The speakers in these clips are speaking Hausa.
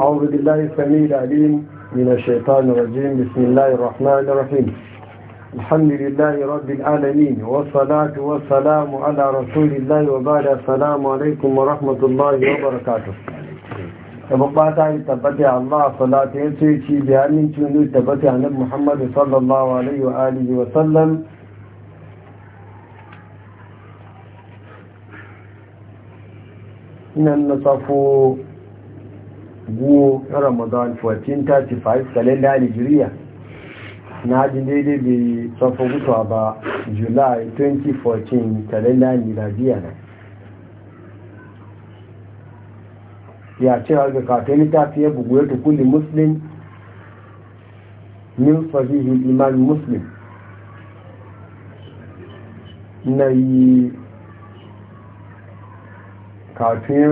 أعوذ بالله السميع العليم من الشيطان الرجيم بسم الله الرحمن الرحيم الحمد لله رب العالمين والصلاة والسلام على رسول الله وبعد السلام عليكم ورحمة الله وبركاته tabbata yi tabbata Allah salatu ya ce ci bayanin cinu tabbata na Muhammad sallallahu alaihi nan na safo guo na ramadan 1435 kalenda nigeria na ajin daidai bai safo gutuwa ba july 2014 kalenda nigeria na ya ce a ga kafin tafi ya bugu ya tukuli muslim min sahihi imam muslim na yi kafin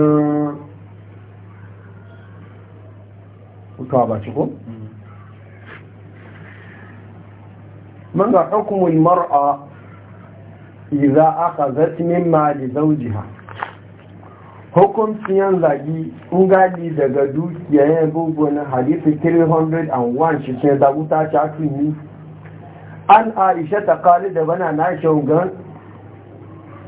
mutuwa ba ciko? man ga hukumul mar'a iza aka min mimma da zaujiha hukumciyan zagi ungadi daga dukiyayen na hadisi 301 cikin zaguta cakini an aisha ta kali da bana na shaugan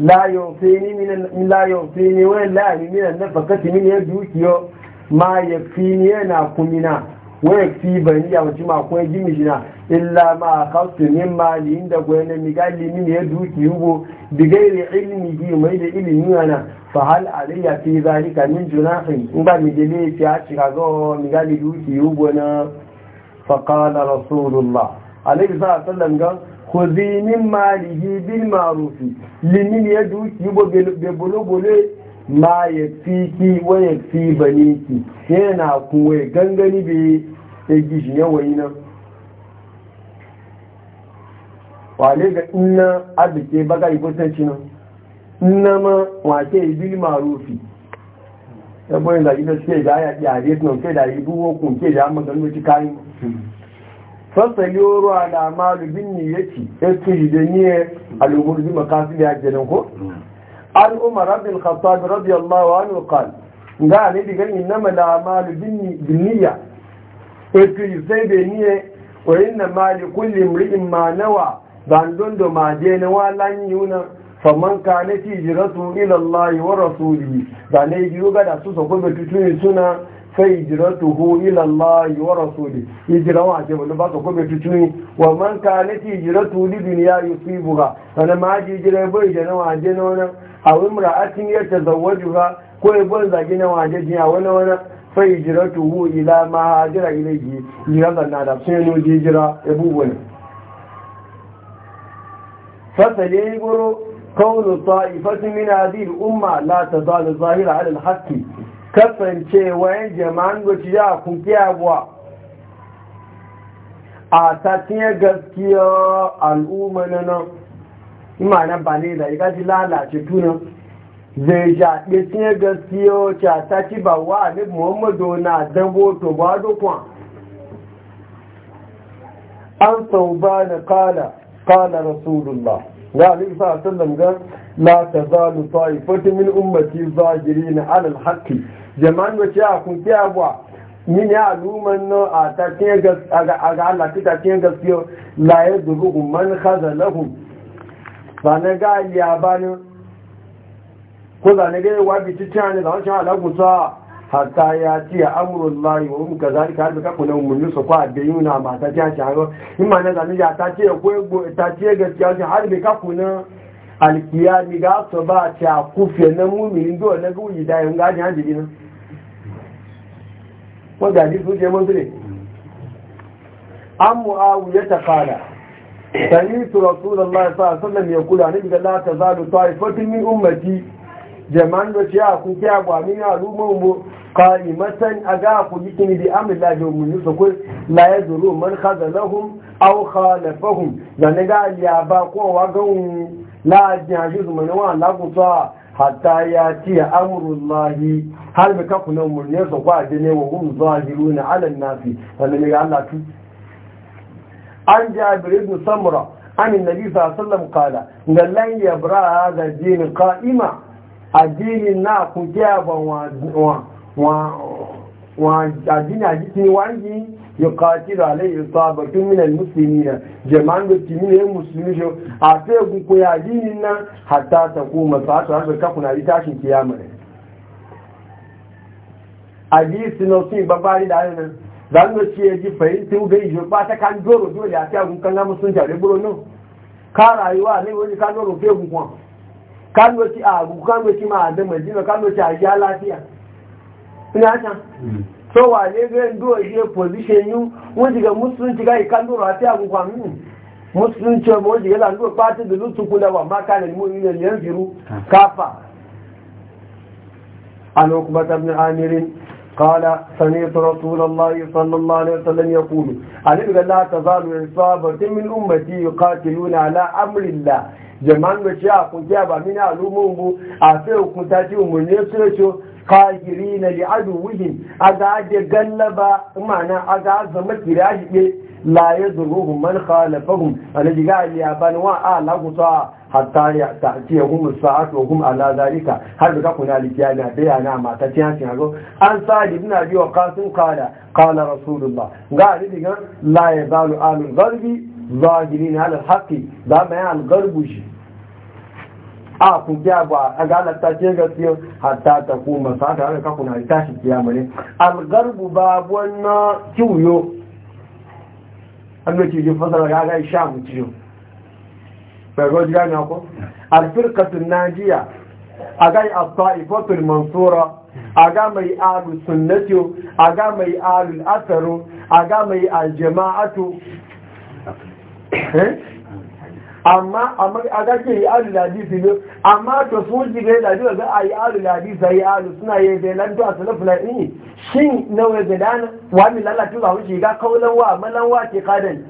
la yunfini min la yunfini wa la min nafaqati min yadukiyo ma yakfini yana kumina wa yakfi bani ya wuce ma ko jimi jina illa ma khaftu min mali inda ko ne mi gali min yadukiyo go bigairi ilmi bi mai da ilmi yana fa hal alayya fi zalika min junahin in ba mi dele fi a cika go mi gali dukiyo go na fa qala rasulullah alayhi sallam ga khudhi min malihi bil ma'ruf limin yaduki bo bolo bolo ma yakfiki wa yakfi baniki yana kuwa gangani be ya gishi yawayi nan wale ga ina arziki baga ikusanci nan ina ma wace bil marufi ya boyin da gidan suke da ya yare nan sai da ibu wokun ke da maganin kayan fasali ya al'amalu bin niyyati da yidaniyar al'umur bi makasir ya kenan ko an umar abin khattab radiyallahu anhu qal ga ne diga mala malu bin niyya yato yi sai da niyya wa inna ma li kulli mri'in ma nawa don do ma je na walan yuna ka ne fi jiratu ila Allah wa rasuli da ne yuga da su ko da tuni suna sai hijiratuhu ila Allah wa rasuli hijira wa ce wani baka tutuni wa man ka ne ti hijiratu li dunya yusibuha sana ma ji hijira bai je na waje wani a wani ra'atin ya ta zawaju ha ko ya bai na waje ji wani wani sai hijiratuhu ila ma hajira ila ji hijira zanna da sun yi nuji hijira ya bubu ne. fasa ne goro kaunin ta'ifatin min hadin umma la ta zalu zahira alal haqqi kasancewayen jama'an goci ya kunki abuwa a tafiye gaskiya al'umma na nan imana ba ne da ya lalace tunan zai jaɗe tiye gaskiya ta tafi ba wa alif muhammadu na dambo to ba dokon an sau ba na kala kala rasulullah ga alaihi sallam ga la tazalu ta'ifatu min ummati zahirin ala al-haqqi jama'an wace a kun kiya ba min ya aluman no a ta kiyan gaskiya ga Allah ta kiyan gaskiya la ya yadruhu man khazalahum ba na ga ya ba ne ko za ne ga wa bi ta ne da wancan alagusa hatta ya ce amurin layi wa muka zari ka harbi kakuna umarni su kwa da yuna ma ta ce shi haro in ma na zami ya ta ce ya koyi ta ce gaskiya shi harbi kakuna alkiyami ga su ba ce a kufe na muminin dole na guji da yin gajin hajji na? wanda hadis su ce mun tule Amu awu ya ta fada sami su rasulullah sallallahu alaihi wasallam ya kula ni da la ta zalu ta'ifatin min ummati jaman da ce a kuke a gwami na al'ummar mu a ga ku yikini bi amilla da mun yusa ko la zuru man na aw khalafahum dan ga ya ba kowa wa ga la jaji zuma ne wa la ku ta hatta ya Amurin amrullahi har bi ka kuna mun ne so kwa de ne wa hum zahiruna ala an-nasi dan ne ga Allah tu an jabir ibn samra an annabi sallallahu sallam wasallam ga lanyar yabra hadha din ka'ima addinin na ku jaba wa addini a jikin wangi ya katila alayhi sabatun min mina na da ke nuna yin musulmi shi a sai ku koyi addinin nan hatta ta ku na tashin kiyama ne hadisi na sun babari da hannun zan da ce ya ji fahimta ga ijo ba ta kan doro a a reburo nan ka kánúwẹ́tí ààbù kánúwẹ́tí máa dẹ̀mọ̀ ìdínà lafiya àyá látíà ní àṣà tó hmm. wà ní ẹgbẹ́ ndó ìṣe pòsíṣẹ́ yún wọ́n ti gẹ̀ mùsùlùm ti gáyì kánúrọ̀ àti àgùnkà mú mùsùlùm tí ọmọ òjì fatin da pàtí dùlú tukúlẹ̀ wà má kálẹ̀ ní mú ilẹ̀ yẹn fìrú hmm. káfà alókùbátà bin amirin قال سمعت رسول الله صلى الله عليه وسلم يقول عليك لا تزال عصابة من أمتي يقاتلون على أمر الله jaman da a kungiya ba mini al'umman bu a sai hukunta ci umarni su ce kagiri na adu wuhin a ga ade gallaba mana a ga zama kira shi ɗe la ya zuruhun man khalafahum a na jiga aliya ba ni wa a lagusa hatta ya ta'ti yahum sa'atu wa hum ala zalika har da kuna likiyana da yana mata tiyan tiyan go an sa'id ibn abi qasim qala qala rasulullah ga ni diga la yazalu a gharbi ظاهرين على الحق da bayan الغرب شيء a ku gyagwa a galata ce gaskiya hatta ta kuma sa ta harka kuna ita shi kiyama mani algarbu ba wannan kiwuyo an da kiwuyo fasara ga gai sha mu ciyo bago ji gani ko alfirkatun najiya a gai as-sa'ifatu mansura a ga mai alu sunnati a ga mai alu asaru, a ga mai aljama'atu eh? amma a kake yi alu ladisi ne amma to sun ji ga ladisi ga ayi alu ladisi ayi alu suna yi da lan to asala fulani ne shin nawa ga dana wa mi lalata ba wuce ga kaulan wa malan wa ke kadan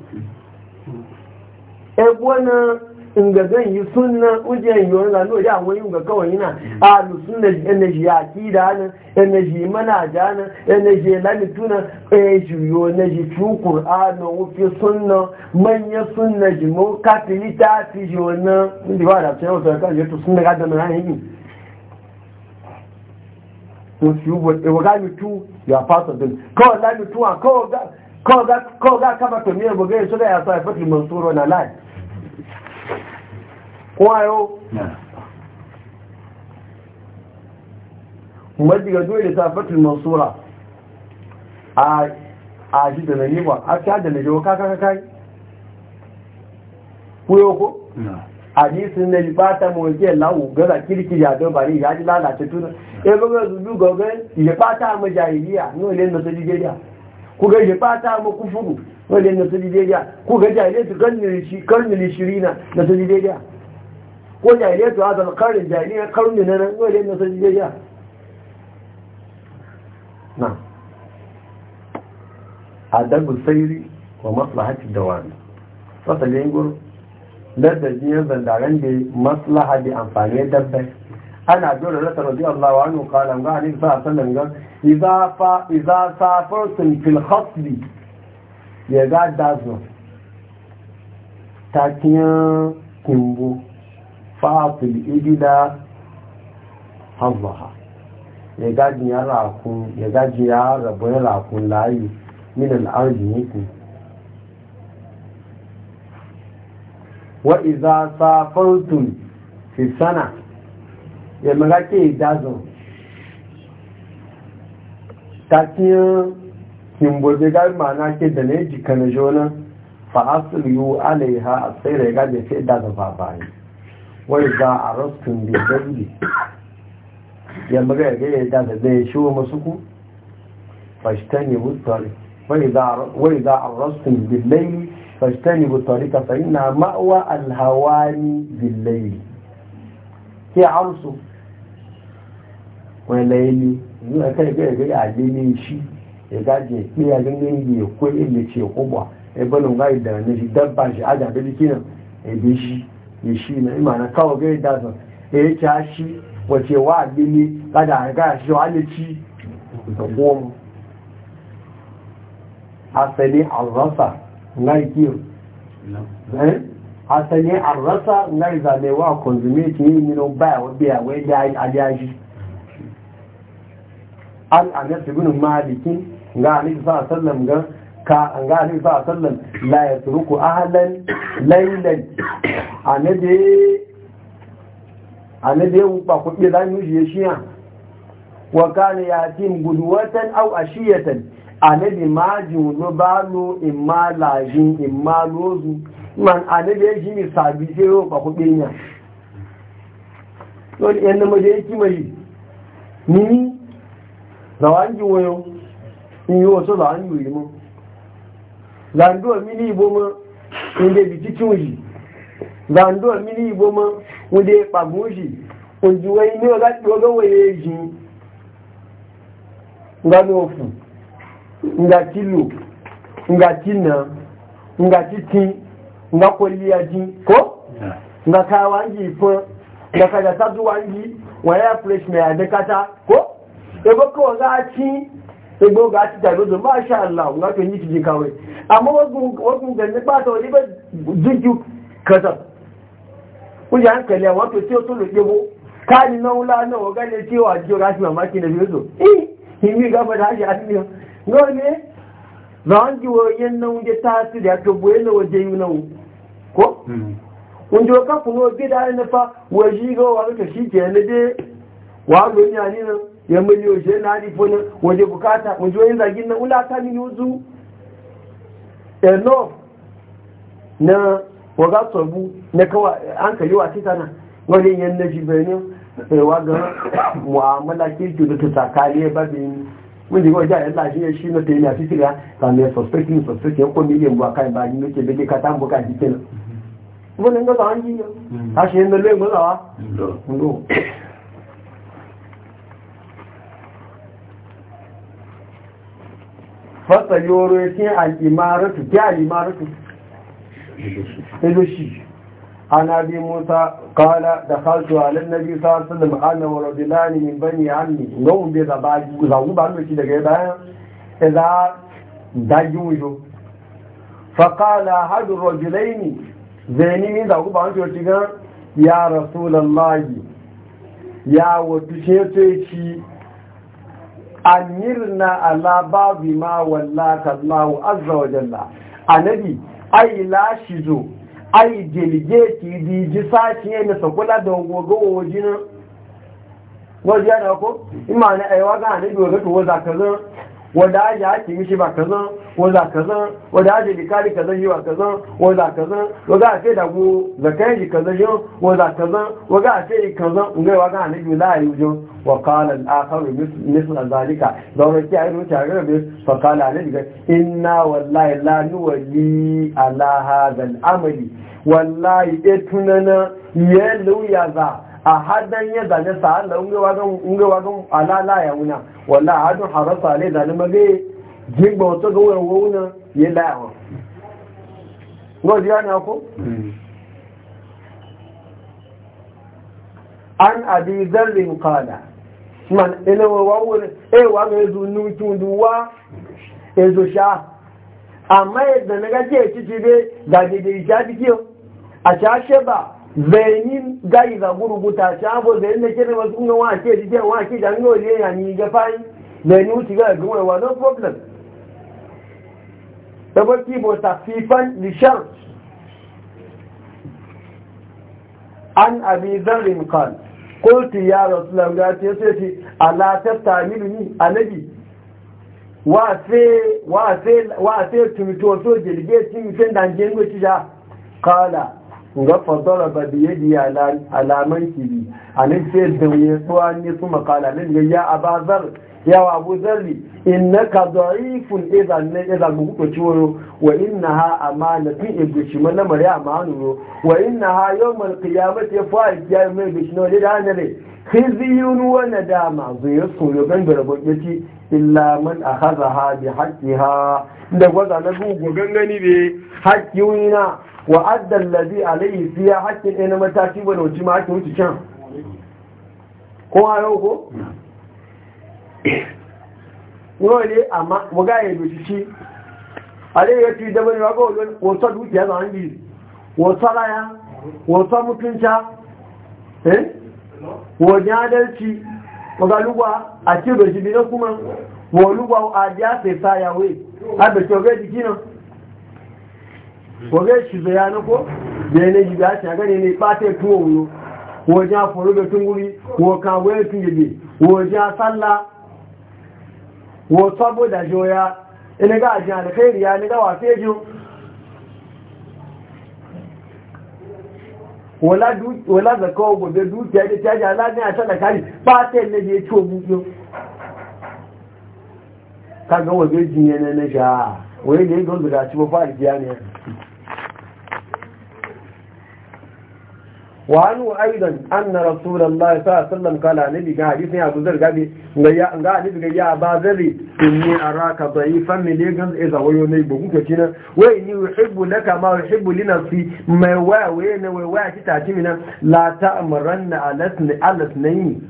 e gona inga zan yi sunna ujiyar yi wani zanu da wani inga kawai yana a lu yana energy e ya ki da nan energy mana ja nan energy lamitu nan na juyo energy tu wufi sunna manya sunna ji mo katilita ti jona ndi ba da tsayo ta kan yato sunna e ga da nan yi ko e waga mitu ya fasa din kawai kawai ga kawai ga kaba bugai ya sa na lai kwayo majiga dole safatul mansura a a shi da nani ba a ta da nani ka ka kai kuyo ko a ji sun ne ba ta mu ke lawo gaza kirki a da bari ya ji lalace tuna e ba ga zubu ya fata mu jahiliya no ne na su jigeriya ku ga ya fata mu kufuru no ne na su jigeriya ku ga jahiliya su kan ne shi kan na su jigeriya ko jahiliya to hazal karin jahiliya karni na nan wale na sun jiya na adabu sairi wa maslahati dawami fasalin da lardajiyar zandaren da maslaha da amfani dabbai ana dole rasa rabi Allah wa hannu kala ga hannun sa sannan gan iza safarsun fil hasbi ya ga dazu ta kiyan fa'atul ibila hallaha ya gaji ya rakun ya gaji ya rabu ya rakun layi min al'arji yake wa iza safartum fi sana ya maga ke idazun yi kimbobi gari na ke da na yi jikana jona fa'asul yiwu alaiha a tsere ya gaji ya ce idazun ba wani za a rastun da zabi ya maga ya yadda da zai shi wa masu ku fashtani butari wani za a rastun billayi fashtani butari ka sayi na ma'awa alhawani billayi ke arusu wani layini zuwa kai gaya gaya ya dini shi ya ya ne ya ganin ya ko ilmi ce kubwa ba ebonin ga da na shi dabba shi ajabe ya ebe shi ya shi na imana kawo gai dazan ya yi kya shi wace wa abini kada a gaya shi wa ne ci da goma asali arrasa ngai kiyo asali arrasa ngai zamewa consumate yi mino baya wa biya wa ya ajiyashi an anas ibn malikin ga alaihi sallam ga ka an ga alaihi sa sallam la ya turuku ahlan laylan anabe anabe ba ku da zan yi shiya wa kana tim gudwatan aw ashiyatan anabi majin lo ba lo imma lajin imma lozu man anabi ya shi mi sabi sai ro ba ku nya to yan na maje ki mai ni ni zawangi wayo in yi wasu zawangi yi mu zanduwa mini boma ma wunde bitikin yi zanduwa mini boma ma wunde kpagun yi ojuwe ni oga ti oga weye yi nga ni ofu nga ti lo nga ti na nga ti ti nga kolia ji ko nga ka wangi ifon nga ka da sadu wangi waya fresh na ya dekata ko Ebo ko oga ti gbogbo ga ti dàgbé tó máa ṣe àlà òun láti ní ìtìjì kàwé àmọ́ wọ́n gùn ní pàtó oníbẹ̀ jíjú kẹta ó yà ń kẹ̀lẹ̀ àwọn tó tí ó tó lè gbégbó káàdì náà láàánú ọ̀gá ilé tí ó àjíọ́ láti màmá kí lèmi lóso ìmí ìgbàfẹ́ta àti àtìmíyàn náà ní ràn jíwọ yẹ náà na waje yi hmm. na ẹ̀nà òjè yìí náà kó oúnjẹ ọkà fún ó gbé dáa ga wọ̀ yí gọ́ wà lókè sí ìjẹ́ ẹ̀lẹ́dẹ́ wà lóyún àníyàn ya miliyo shi na hadi waje bukata mun jiyoyin zagin nan ula ta min yuzu enough na waga tsobu na kawa an kayi wa titana wani yan na shi benin eh, wa ga mu'amala ke ki da ta sakaliye ba bin mun ji wajen yalla shi shi na ta yi na fitira ta ne suspecting suspecting ko miliyan ba kai ba ni ke bege ka tambo ka jikin wannan ga zan yi ta shi ne mm. lwe mu zawa mm. fasa yoro ya ce al'imaratu ke al'imaratu ilushi an abi musa kala da kaltu alin nabi sa'asar da ma'ana wa rabilani min bani hannu gawun bai zagu ba nuki daga ya bayan ya za daji wujo faƙala hadu rabilaini zai ni zagu ba nuki gan ya rasulallah ya wata ce ce amirna ala babi ma wallaka Allahu azza wa jalla anabi ai lashi zo ai jelge ki di ji sashi ne na sakula da gogo wajin wajen ko imani ai waga anabi waga to za ka wanda aji haki mishi ba zan wanda zan wanda aji ka zan yi wa zan wanda zan wanda a ce da ku zakai ji kazan yi wanda zan wanda a ce yi zan ungai wa a nabi la yi wujo wa kala al'akar misal zalika zaunar ki a yi wuce a bai fa kala a daga inna wallahi la wali ala hadha amali wallahi etunana eh, yelu ya za a hadan ya zane sa Allah unge wagan alala ya wuna wala hadun harasa ne zane mage jigba wato ga wuyan wuna ya layawa Ngozi ya na ko an abi zarrin kala man ina wawon e eh, wa ga zu nutun duwa e zo sha amma yadda na gaje ci ci be da gidi sha dikiyo a sha sheba zayin gayi za guru buta ci abo zayin da kere wasu kunga wa ke jike wa ke jan ne ya ni ga fayi da ni wuce ga gumai wa wani problem da ba ki bo fifan lishar an abi zarrin kan قلت يا رسول الله قالت يسيتي ألا تستعملني أنبي وأسي تمتوسو جلجي تمتين دانجين وشجا kala. nga fadara ba da yadi alaman kiri a nan ce da ya tsuwa ne su makala nan ga ya wa abu zarri inna ka zarifun izan e ne izan e ku kuka ciwo wa inna ha amana tun e ibushi mana Mariya amanu ro wa inna ha yawmal qiyamati ya fa'a kiyar mai bishi Wani da hanare khiziyun wa nadama zai so yo gan da rabo yace illa man akhadha ha bi haqqiha da gwaza na gugu gangani be haƙƙi wina wa addan lazi alayhi fiya hakkin ɗaya na mataki ba da wuce ma hakkin wuce can ko a yau ko? yau ne amma waga ya doshi shi alayhi ya fi daban ya ga wata dukiya da hangi wata raya wata mutunca eh wajen adalci waga lugwa a cikin doshi bi na kuma wa lugwa a biya sai sa yawai a da kyau ga jiki nan wọ́gẹ́ ṣìzọ ya nukọ́ bẹ̀ẹ̀nẹ̀ jìgbà àti àgẹ́rẹ̀ ní pàtẹ́ tún òun wọ́n já fọ́rọ́bẹ̀ tún gúrí wọ́n ká wẹ́ẹ̀ tún yèdè wọ́n já sálá wọ́n tọ́gbọ́ ìdàjọ́ ya ẹnẹ́gá àjẹ́ àlẹ́kẹ́rì ya ẹnẹ́gá wà fẹ́jú wọ́n lázẹ̀kọ́ ògbòdè dúkìá jẹ́ وعنه أيضا أن رسول الله صلى الله عليه وسلم قال نبي حديث يا أبو ذر قال نبي يا أبا ذر إني أراك ضعيفا من مليقا إذا ويوني بقوك كنا وإني يحب لك ما أحب لنفسي ما واوين وواعتي تعتمنا لا تأمرن على الاثنين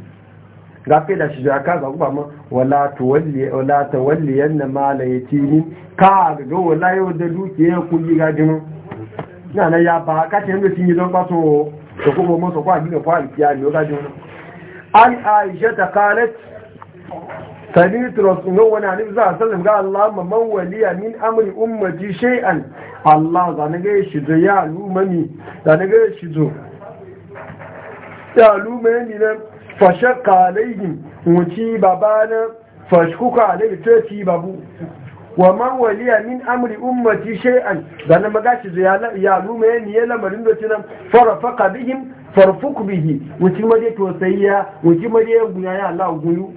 gafe da shi jaka ga kuma ma wala tawalli wala tawalli yanna mala yatimi ka ga wala yau da dukiya kun yi gadin na na ya ba ka tin da tin yi don ba to تقوموا من صفاء من فعل كياني وغادي هنا عن عائشة قالت سنيت رسول الله وانا عليه الصلاة والسلام قال اللهم من ولي من أمر أمتي شيئا الله ظنك يشدو يا لومني ظنك يشدو يا لومني فشق عليهم وتي بابانا فشكوك عليه تتي بابو wa man waliya min amri ummati shay'an dan magashi ziyala ya luma ya lamarin da tinan farafaqa bihim farfuk bihi wuci maje to sayya wuci maje guna ya Allah guyu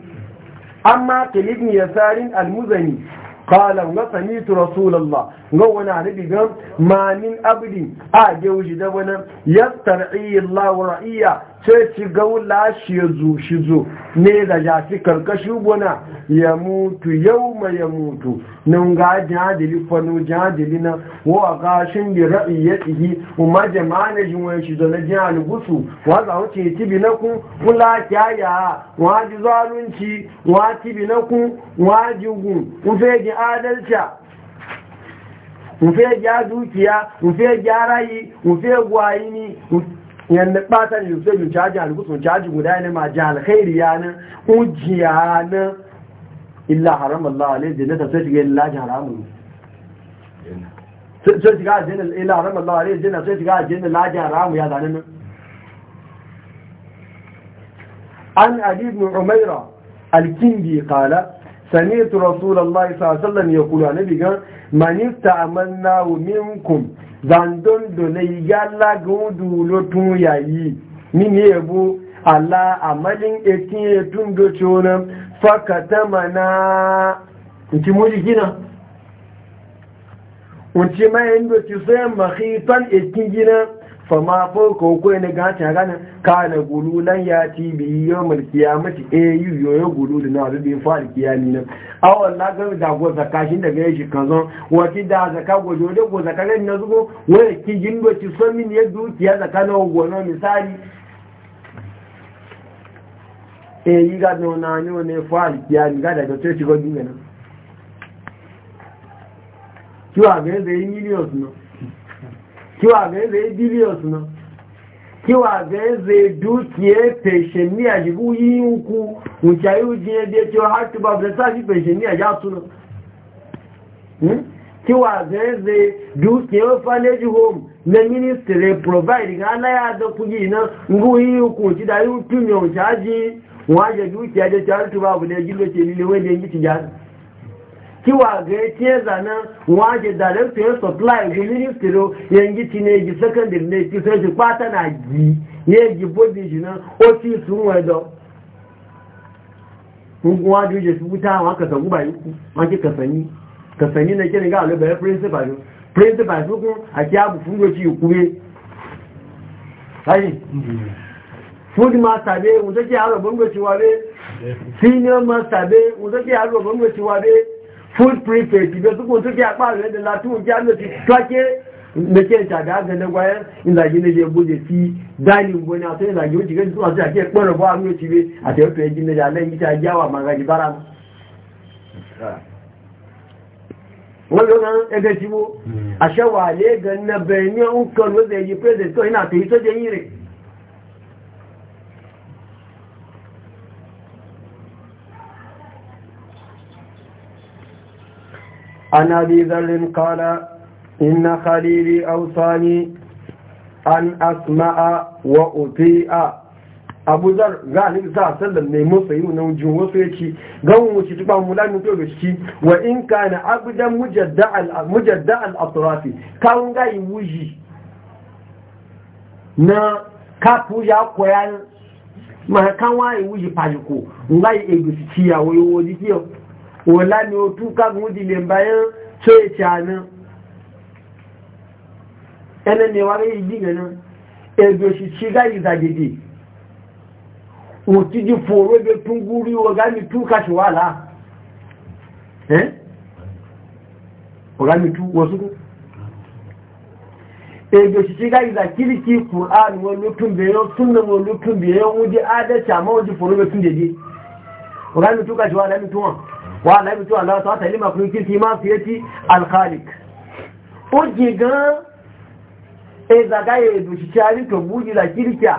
amma kalibni yasarin almuzani qala wa sami'tu rasulullah ga wani annabi gam ma min abdi a je da wannan yastar'i Allah ra'iya sai ci gaula shi zo shi zo ne da fi karkashi gona ya mutu yau ma ya mutu nan ga jadili fano jadili na wa gashin da ra'ayi ya tsihi kuma jama'a na jin wani shi zana jihar gusu wa za wuce tibi na kun kula kyaya wa ji zalunci wa tibi na kun wa ji gun kufe ji adalci kufe ji dukiya kufe ji rayi kufe gwayini yanda bata ne yusuf yu jaji alkusun jaji guda ne ma ji alkhairi ya nan ujiya nan illa haram Allah alaihi jannata sai shiga illa ji haramun sai shiga aljanna illa haram Allah alaihi jannata sai shiga aljanna la ji haramu ya zanen nan an ali ibn umaira al-kindi qala سمعت رسول الله صلى الله عليه وسلم يقول عن ابي من استعملناه منكم zandondo na yalla gudu lotun yayi mini yabo ala amalin etin etun do chona fakata mana nti muli gina ci ma endo ti sai mahitan etin gina fama farko ko ne ga ta ganin ka na gululan ya ti bi malkiya mace e yi yoyo da na bi bi fal qiyami na aw Allah ga da go zakka shin daga shi kanzon wati da zakka go jode go zakka ne na zugo wai ki gindo ci so min ya dukiya zakka na go no misali e yi ga no na ni ne fal qiyami ga da to ci go dinga na kiwa ga zai millions no kí wà gẹ́gẹ́ bílíọ̀sì náà kí wà gẹ́gẹ́ dúkìá pèsè ní àjíkú yínkú ǹkà yíò jí ẹgbẹ́ tí ó hàtí bá bẹ̀rẹ̀ sáàjì pèsè ní àjá túnà kí wà gẹ́gẹ́ dúkìá fanage home na ministry provide ga aláyàdọ́ kúgì iná ngú yínkú tí dá yíò túnmí ọ̀nà ṣáájì wọ́n á jẹ dúkìá kiwa ga ya ce zanen waje da lantarki ya supply ga ministry yangi ti ne gi secondary ne ki sai shi kwata na gi ne gi body shi nan o office sun wedo kuma duje su buta wa ka sagu ba yi ma ki kasani kasani na kira ga alu ya principal yo principal su kun a ki abu fun do ci kure ayi food master be mun take yaro bango ci be senior master be mun take yaro bango ci be food prefect ibe su kuntu ke akpa rẹ de la tun ja lo ti tọ́kẹ́ mẹ́kẹ́ ìtàdá gẹ̀ẹ́dẹ́ wáyé ìlàjì ní ṣe bóde sí dáìní gbogbo ní àti ìlàjì ó ti gẹ́gẹ́ tó àti àti ẹ̀pọ̀rọ̀ bọ́ àmì òṣèré àti ọ̀pẹ̀ ẹjì ní alẹ́ yìí tí a jáwà ga rẹ̀ bára wọ́n hmm. ló rán ẹgbẹ́ tí wó àṣẹwà alẹ́ ní ọ̀nkọ̀ lóde pẹ́sẹ̀ tó ìnà àtẹ̀yí tó jẹ́ yìí rẹ̀ Ana zan yi zan zan kada ina hadiri ausa ne Abu zan gani zan sallar mai masa yi na wajen wasu ya ci. Gawun wuce duk abu da ya Wa in ka na agudan mujaddal a turaci. Kawun gaya ya wuji. Na kafin ya koyar ma kanwaya ya wuji fashin ko. Ngwakwana ya yi da wala ni o tu ka gun di le mbayan so e na ene ni wa ri di e do si chi ga yi za gidi o ti di foro be tunguri o ga ni tu ka shi wala eh o ga ni tu wo su e do si chi ga ki qur'an wo lu tun be yo sunna wo lu tun be yo wudi ada cha ma wudi foro be tun de di o ga ni tu ka shi wala ni tu wa na bi to Allah ta ta lima kun kirki ma su yaci al khaliq o giga e zaga ye du shi ari to buji la kirkiya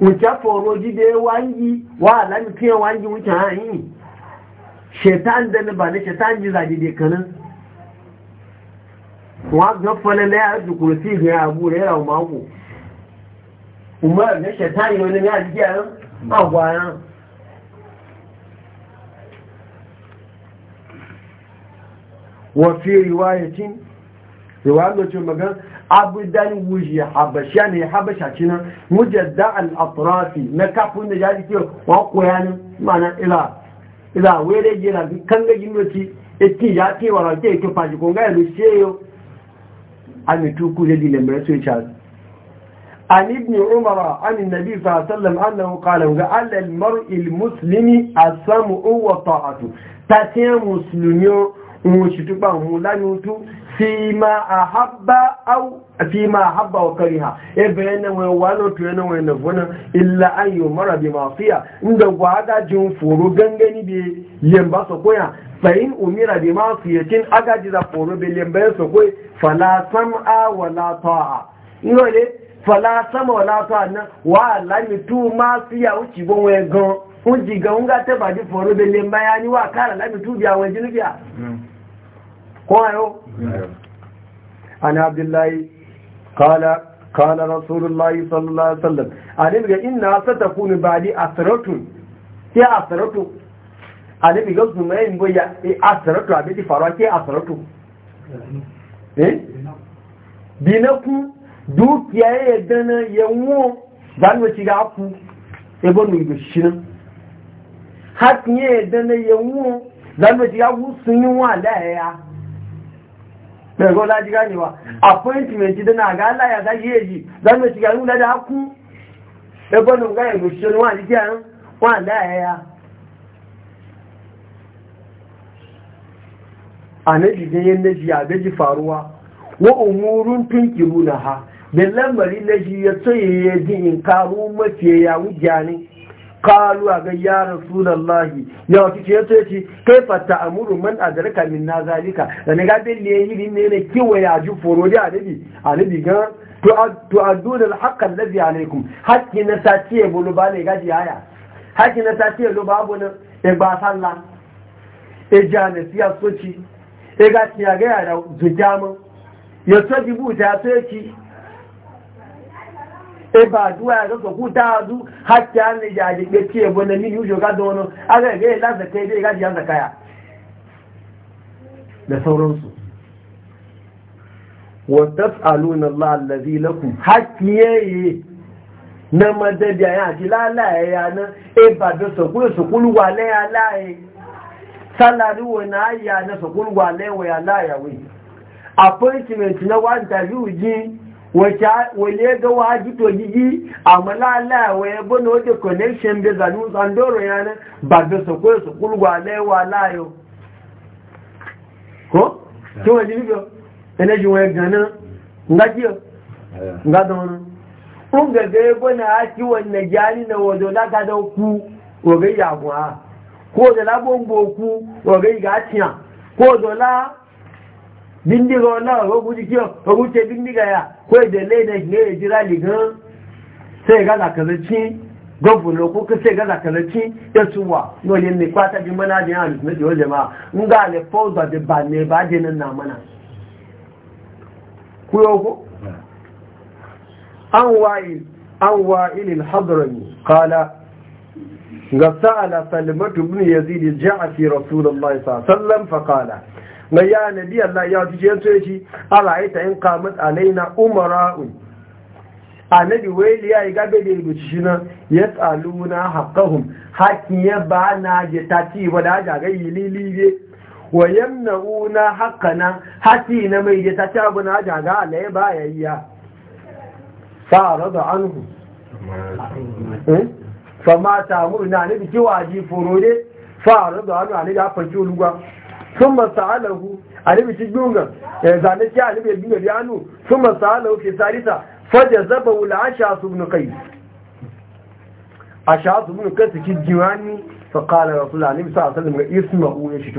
o cha foro ji de wangi wa la mi ke wangi mu ta yi shetan da ne ba ne shetan ji zaji de kanan wa ga fala la ya du kursi ga abu da ya ma ku umar ne shetan yo ne ya ji ya agwa wafi riwayatin riwayatin magan abudan wuji habasha ne habasha ci nan mujadda al'atrafi na kafin da jaji ke wakoya ne mana ila ila were gina kan gajin noci eti ya ke wa rake ke faji konga ya lushe yau a da su ya عن ابن عمر عن النبي صلى الله عليه وسلم أنه قال على المرء المسلم السمع وطاعته تتين مسلمين mushituba mulanitu fima ahabba au fima ahabba wa na e bayana wa walo to yana wa nafuna illa an yumara bi mafiya inda gwada jin furu gangani bi yamba so fa in umira bi mafiyatin aga jiza furu bi yamba so koy fala sam'a wala ta'a ngole fala na wa la mafiya uchi bi wa kwayo an abdullahi kala kala rasulullahi sallallahu alaihi wasallam alim ga inna satakunu ba'di asratun ke asratu alim ga su mai mbo ya e asratu abi di faro ke asratu eh binaku dukiya ya dana yawo dan wace ga aku, ebo ni bi shirin hat ne dana yawo dan wace ga ku sun yi wa da ya mai gola ji ganewa appointment na ga Allah ya zai yeji zan mai shiga nuna da haku da gwanin ga yanzu shi wani jiki a wani da ya ya a na jigin yin na ji a gaji faruwa wa umurun tunkiru na ha da lamarin na ya tsaye ya ji in karu mafiya ya wujani kalu a gayya rasulallahi ya wata ce yato yace kai fata amuru man adarka min na zalika da na gabe ne yi rin ne na kiwa ya ji foro da anabi anabi ga tu'addun al-haqqa alladhi alaykum hakki na satiye bulu ba ne gaji haya hakki na satiye lo babu na e ba sallah e siya soci e ga tiya da zujama ya soji buta ya soci ebe ba duwa kú dáadú hàtí à ń lè yàjì pé kí ẹ̀bọ̀ ní ní ìjọ ká dánwọ́nà agẹ́gẹ́ lásẹ̀kẹ́ ilé ìgájì àzàkáyà da sauransu wọ́taf alúna láàlàzí lọ́kùn hàtí yẹ́yẹ́ na madadi àyà la láàláyà na eba da sọ̀kúrò sọ̀kúrò wà lẹ́yà láàyè sálàrí wọn náà yà na sọ̀kúrò wà lẹ́wà appointment na wá interview yìí wale ga waji to gigi a malala waye bane wata connection da zanu ya na ba da su koyo su kulgwa laiwa layo ko? ki wani biyo ina ji waye gana nga kiyo nga dono un gaga ya bane a ki wanne jani na wazo laka da ku wagai yagun a ko da labon boku wagai gaciya ko da la bindiga ọlọ́run ó gúnjí kí ogun ya kó èdè lẹ́nà ìgbẹ́ ìjírálì gan sai gaza kalaci gwamnan ko sai gaza kalaci ya suwa yau ne mai kwata mana da yana na jiwa jama'a in ga alifau da ba ne ba na mana ku an wayi an wa'il al ga sa'ala salimatu ibn yazid ja'a fi rasulullahi sallallahu alaihi wasallam fa kala mai ya nabi Allah ya ji yanzu ya ala ita in qamat alaina umara'un annabi wai ya yi gabe da ibu shi na ya taluna haqqahum hakin ya ba na je ta ci ba da ga gayi lilibe wa yamnauna haqqana haki na mai je ta abu na ga ga ya ba yayya fa rada anhu eh? fa ma ta murna ne bi kiwaji furode fa rada anhu ne da fanki uluga sun masu alahu a ribi shi gunga zane shi a ribi gunga ya nu sun masu alahu ke sarita fajar zaba wula a sha su nuka yi a sha su nuka su ki jiwani su kala rasu la nimsa a sallama isma u ya shi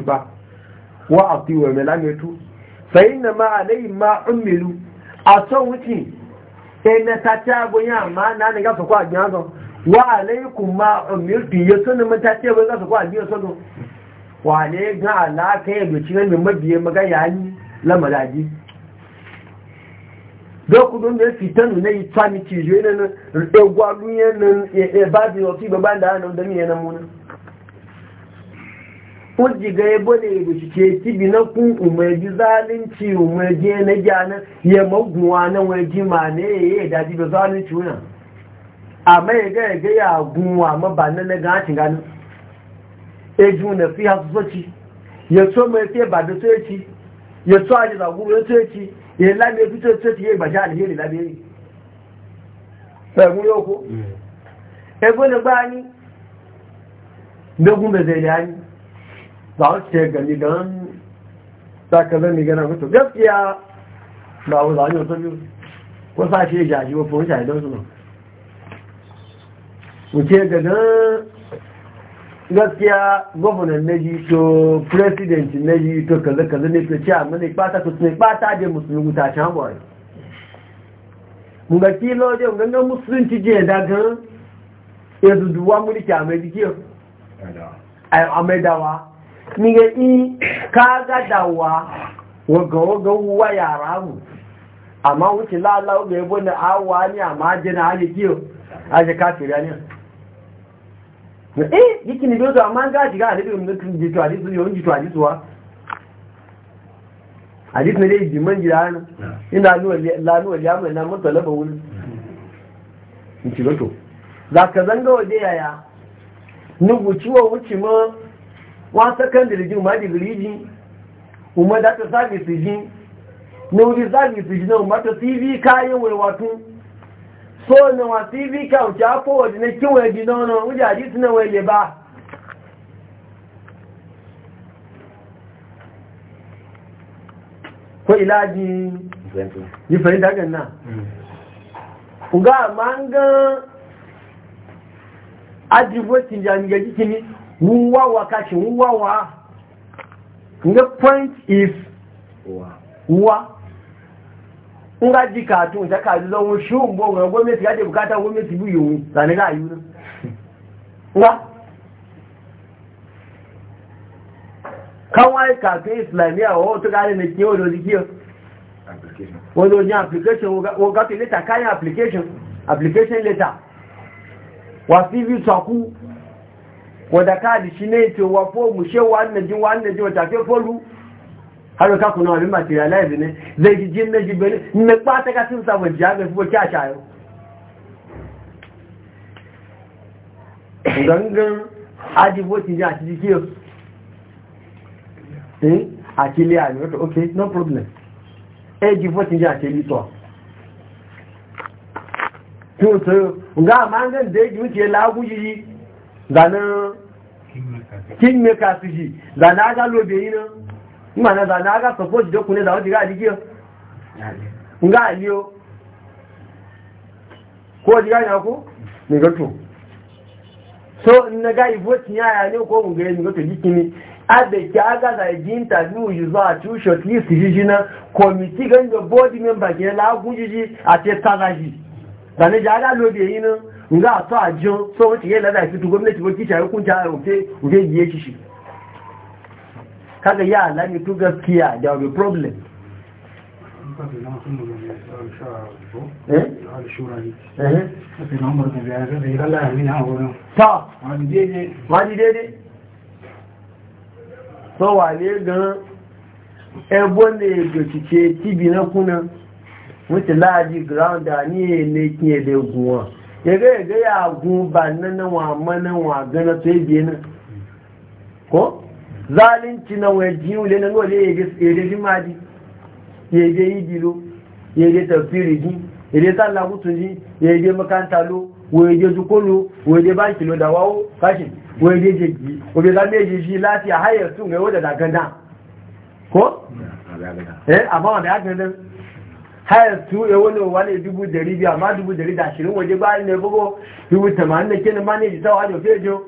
wa a tiwa mai lametu sai na ma a nai ma un milu a can wuce e na ta ce agoyi amma na ni ga su kwa biya zo wa alaikum ma un ya sunan mun ta ce bai ga su kwa biya zo wane ga alaka ya doci nan mai mabiye magaya ni lamaraji don kudu da fitan na yi tsami cijo yana nan egwalu yana ya ba da yau fi baban da hannun dami yana muna Kuji ga ya bane ya doci ce tibi na kun umarji zalunci umarji na gyana ya maguwa na waje ma ne ya yi daji da zalunci wuna amma ya ga ya ga ya na ganin eju nasiha su soci ya so mai sai ba da soci ya so aji zaguru ya soci ya lami ya fito soci ya yi bashi alheri lami ya yi sagun yau ko ego ne ba Ne dogun da zai da ni za a ce gani don sakazan ni gana mutu gaskiya ba wa zanen wasu biyu ko sa shi ya jaji wa fahimta idan su ma wuce ga nan gaskiya gwamnan na yi to president na yi to kaza kaza ne ke cewa mana ipata to sun ipata je musulun wuta can bori mun ga kilo da mun ga musulunci je da ga ya duduwa mulki a mai dikiyo ai a mai dawa ni ga i ka ga dawa waga waga wuwa yara mu amma wuce lalau ga yabo na awa ne amma jina hali kiyo aje kafiriya ne eh yiki ni dozo amma ga shiga hadisi mun tun ji to hadisi yo wa hadisi ne dai ji man jira na ina nu la nu ya mun na mutalaba wuri in ci to ka zanga waje yaya ni guciwa wuci ma wa secondary ji ma degree ji umma da ta service ji ni wuri service ji na umma ta CV kayan wai watu. so na sí vika òjò àpòwòdì na kí wọ́n ẹ̀dì náà náà oúnjẹ àdísí náà wọ́n bá kó dágẹ̀ náà ọgá ma ń gán ajìbó ti jàǹgẹ̀ ní point if Nga ga ji katun ta kaji zan shi un bongo gwamnati ya ce bukata gwamnati bu yiwu sani ga yi nga kan wani katun islamiyya wa wata gane na kiyo da wani kiyo wani wani application wagafi leta yi application application leta wa cv saku wadda kaadi shi ne ce wa fo mu she wa annaji wa annaji wa tafe folu har ka kuna abin materialize ne zai ji jin na jibin na kwata ka sun samu jami'a fuwa kya shayo gangan ajiboti ya ci jikiyar eh a kili a ne ok no problem ajiboti eh, ya ce litowa tí ó tẹ́rọ ǹgá máa ń gẹ́ ǹdẹ́ ìjú ti ẹlà ágún yìí zànà kingmaker sí yìí zànà nígbà náà zàdá ágá sọ̀pọ̀ ìjọkùn ní zàwọ́ ti gáàdì kí o ń gáàdì o kó ti gáàdì akú nìgọ́tù so nnaga ìbò tí ní àyà ní okó ògùn gẹ̀ẹ́ nìgọ́tù jíkini abẹ̀kẹ́ ágá zàìjí ìntàbí òyìnbó àti short list jíjí náà kọ̀mìtì gẹ́gẹ́ bọ́ọ̀dì mẹ́mbà kìí láàgún jíjí àti tàbájì zàníjà ágá lóde èyí náà ń gá àtọ́ àjọ sọ́wọ́n ti yẹ́ lẹ́dà ìfitù gómìnà ti bó kíkà ẹkùn já yi yìí ṣiṣì kaga ya alami to gaskiya da wani problem eh? Eh? ta wani daidai so wane gan ebo ne gocice tibi na kunan wuce laji grounda ni ne kiye da guwa ya ga ya ya gun ba nan wa gana to yi biye ko zalunci na wajiyu le na nole yege jimadi yege idilo yege tafsiri ji yege sallah mutu ji yege makanta lo wege zukolo wege banki lo da wawo kashi wege jeji oge za meji ji lati a hayar tun ga wadda dagana ko? eh amma wanda ya gada hayar tu ya wani wani dubu dari biyu amma dubu dari da ashirin waje bayan ne bugo dubu tamanin da kenan ma ne ji tawa ajo fejo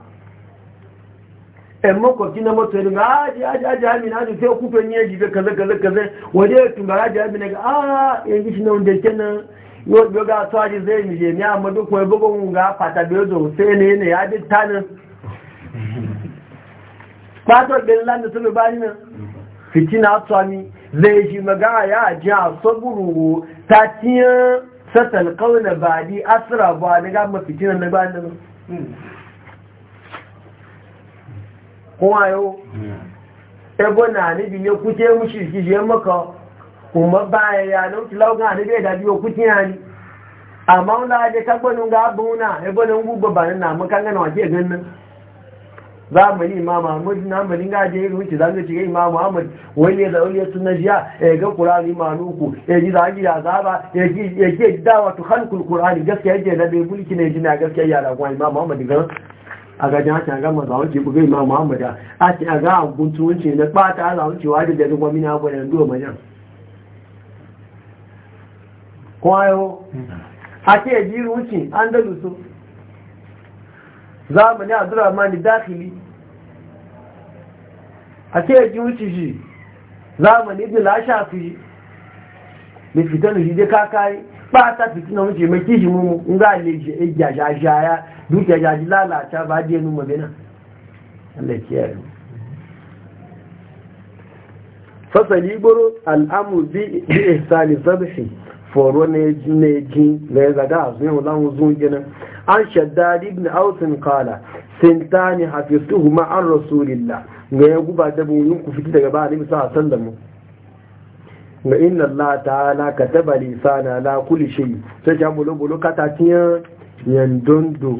makwabci ah, ah, ah, na masu ringa aji aji aji amina aji sai kufe ne jibe kaza kaza kaza wani ya tunga aji amina ga a yanzu shi na wanda ke nan yau ga su aji zai mi jemi amma duk wani bugun ga fata bai zo sai ne ne ya bi tanin fatar bin landa sun bani nan fitina swami zai shi magana ya ji a saburu ta tiyan sassan kauna ba di asira ba na gaba fitinan na bani nan kuma yau ebo na ni bi ya kuce mu shirki je maka kuma baya ya nan tilau ga ni bai da biyo kuce ya ni amma wanda je kan gwanin ga abuna ebo nan gugu ba na mun kan gana waje ganin za mu ni imam Ahmad na mu ga je mu ci zan ci ga imam Ahmad wani da ya sunna jiya e ga Qur'ani maluku e ji za ji da zaba e ji e ji dawatu khalqul Qur'ani gaskiya je na bai bulki ne ji na gaskiya ya da kuma imam Ahmad ga a gajin hakan gama za wuce bugai ma muhammada a ce a ga abubuwan wuce na ɓata ala wuce wa da zuwa gwamina abu da yanzu a majan kwayo a ce ji wuce an za so ne a zura ni dakili a ce ji wuce shi za zamani da lasha fi da fitar shi dai kakayi ɓata fitina wuce mai kishi mu in za a le ya dukiya ya ji lalata ba da yanu mabina Allah fasali buru al'amu bi ihsani zabi foro na ne na ya zaga azu yau lan zun gina an shaddad ibn kala sinta sintani hafiztuhu ma an rasulillah Ga ya guba da buyun ku fiti daga ba alimi sa mu. ga inna allah ta'ala na lisana la kulli sai ka bulo bulo katatiyan yandondo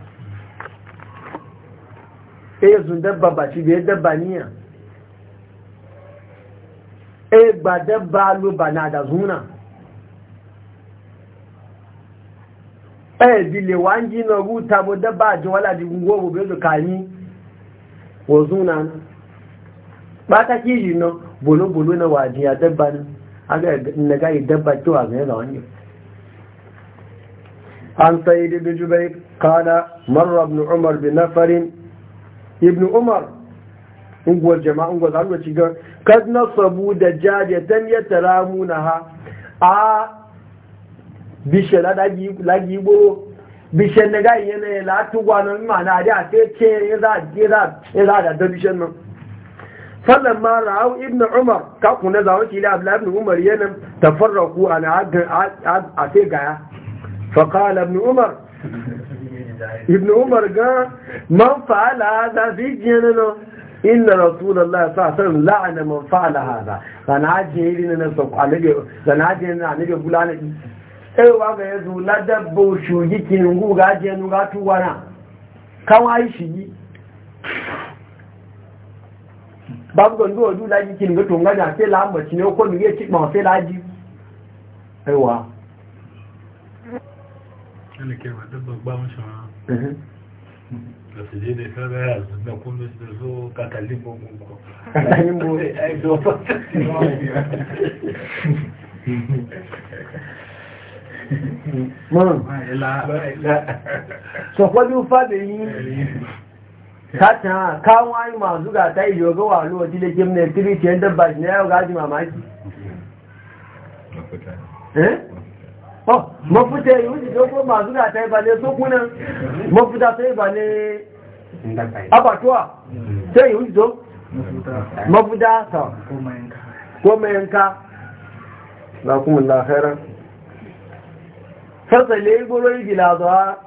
ɗaya zun dabba ba shi biyar dabba niya ɗaya e ba dabba lo ba na da zuna ɗaya e dile wa an gina ruta bo dabba a jiwala di gungo bu bezu kani wa zuna na ba ta kiri na bolo-bolo na wajiya dabba na aga na gari dabba kewa zai da wani عن سيد بن جبير قال مر ابن عمر بنفر ibn umar unguwar jama'a unguwar zanuwa cikin kad sabu da jariyatan ya tara muna ha a bishe lagi gboro bishe na gayi yanayi latugwa na mana a da sai ce ya za a da bishe nan sannan ma ra'au ibn umar kaku na zawon shi da abdullahi ibn umar yanin tafarraku a na a sai gaya faƙa ibn umar ibn umar ga man fa'ala hada fi jiyana no inna rasulullah sallallahu alaihi wasallam la'ana man fa'ala hada sana jiri ne so alabe sana jiri ne alabe bulana sai wa ga yazo ladabbo shugi kin ngu ga je nu ga tuwana kan ai shigi babu gondo odu laji kin ga to ga da sai la mace ne ko ni ya ci ma sai laji aiwa nake ma duk babban shi da su je da ya sarar yanzu na da zo kakalin bugun ko kakalin bugun ai zo so kwallo fada yi kata kawon ayi masu ga ta iyo ga walo wajen da ke mne 3 ke yadda ba shi ya yau gaji mamaki eh mafita yi wuce ko masu na ta yi ba ne sokunan mafita ta yi ba ne abatuwa ta yi wuce mafita ta ko mayanka na kuma lahirar sassa ne igoro igila zuwa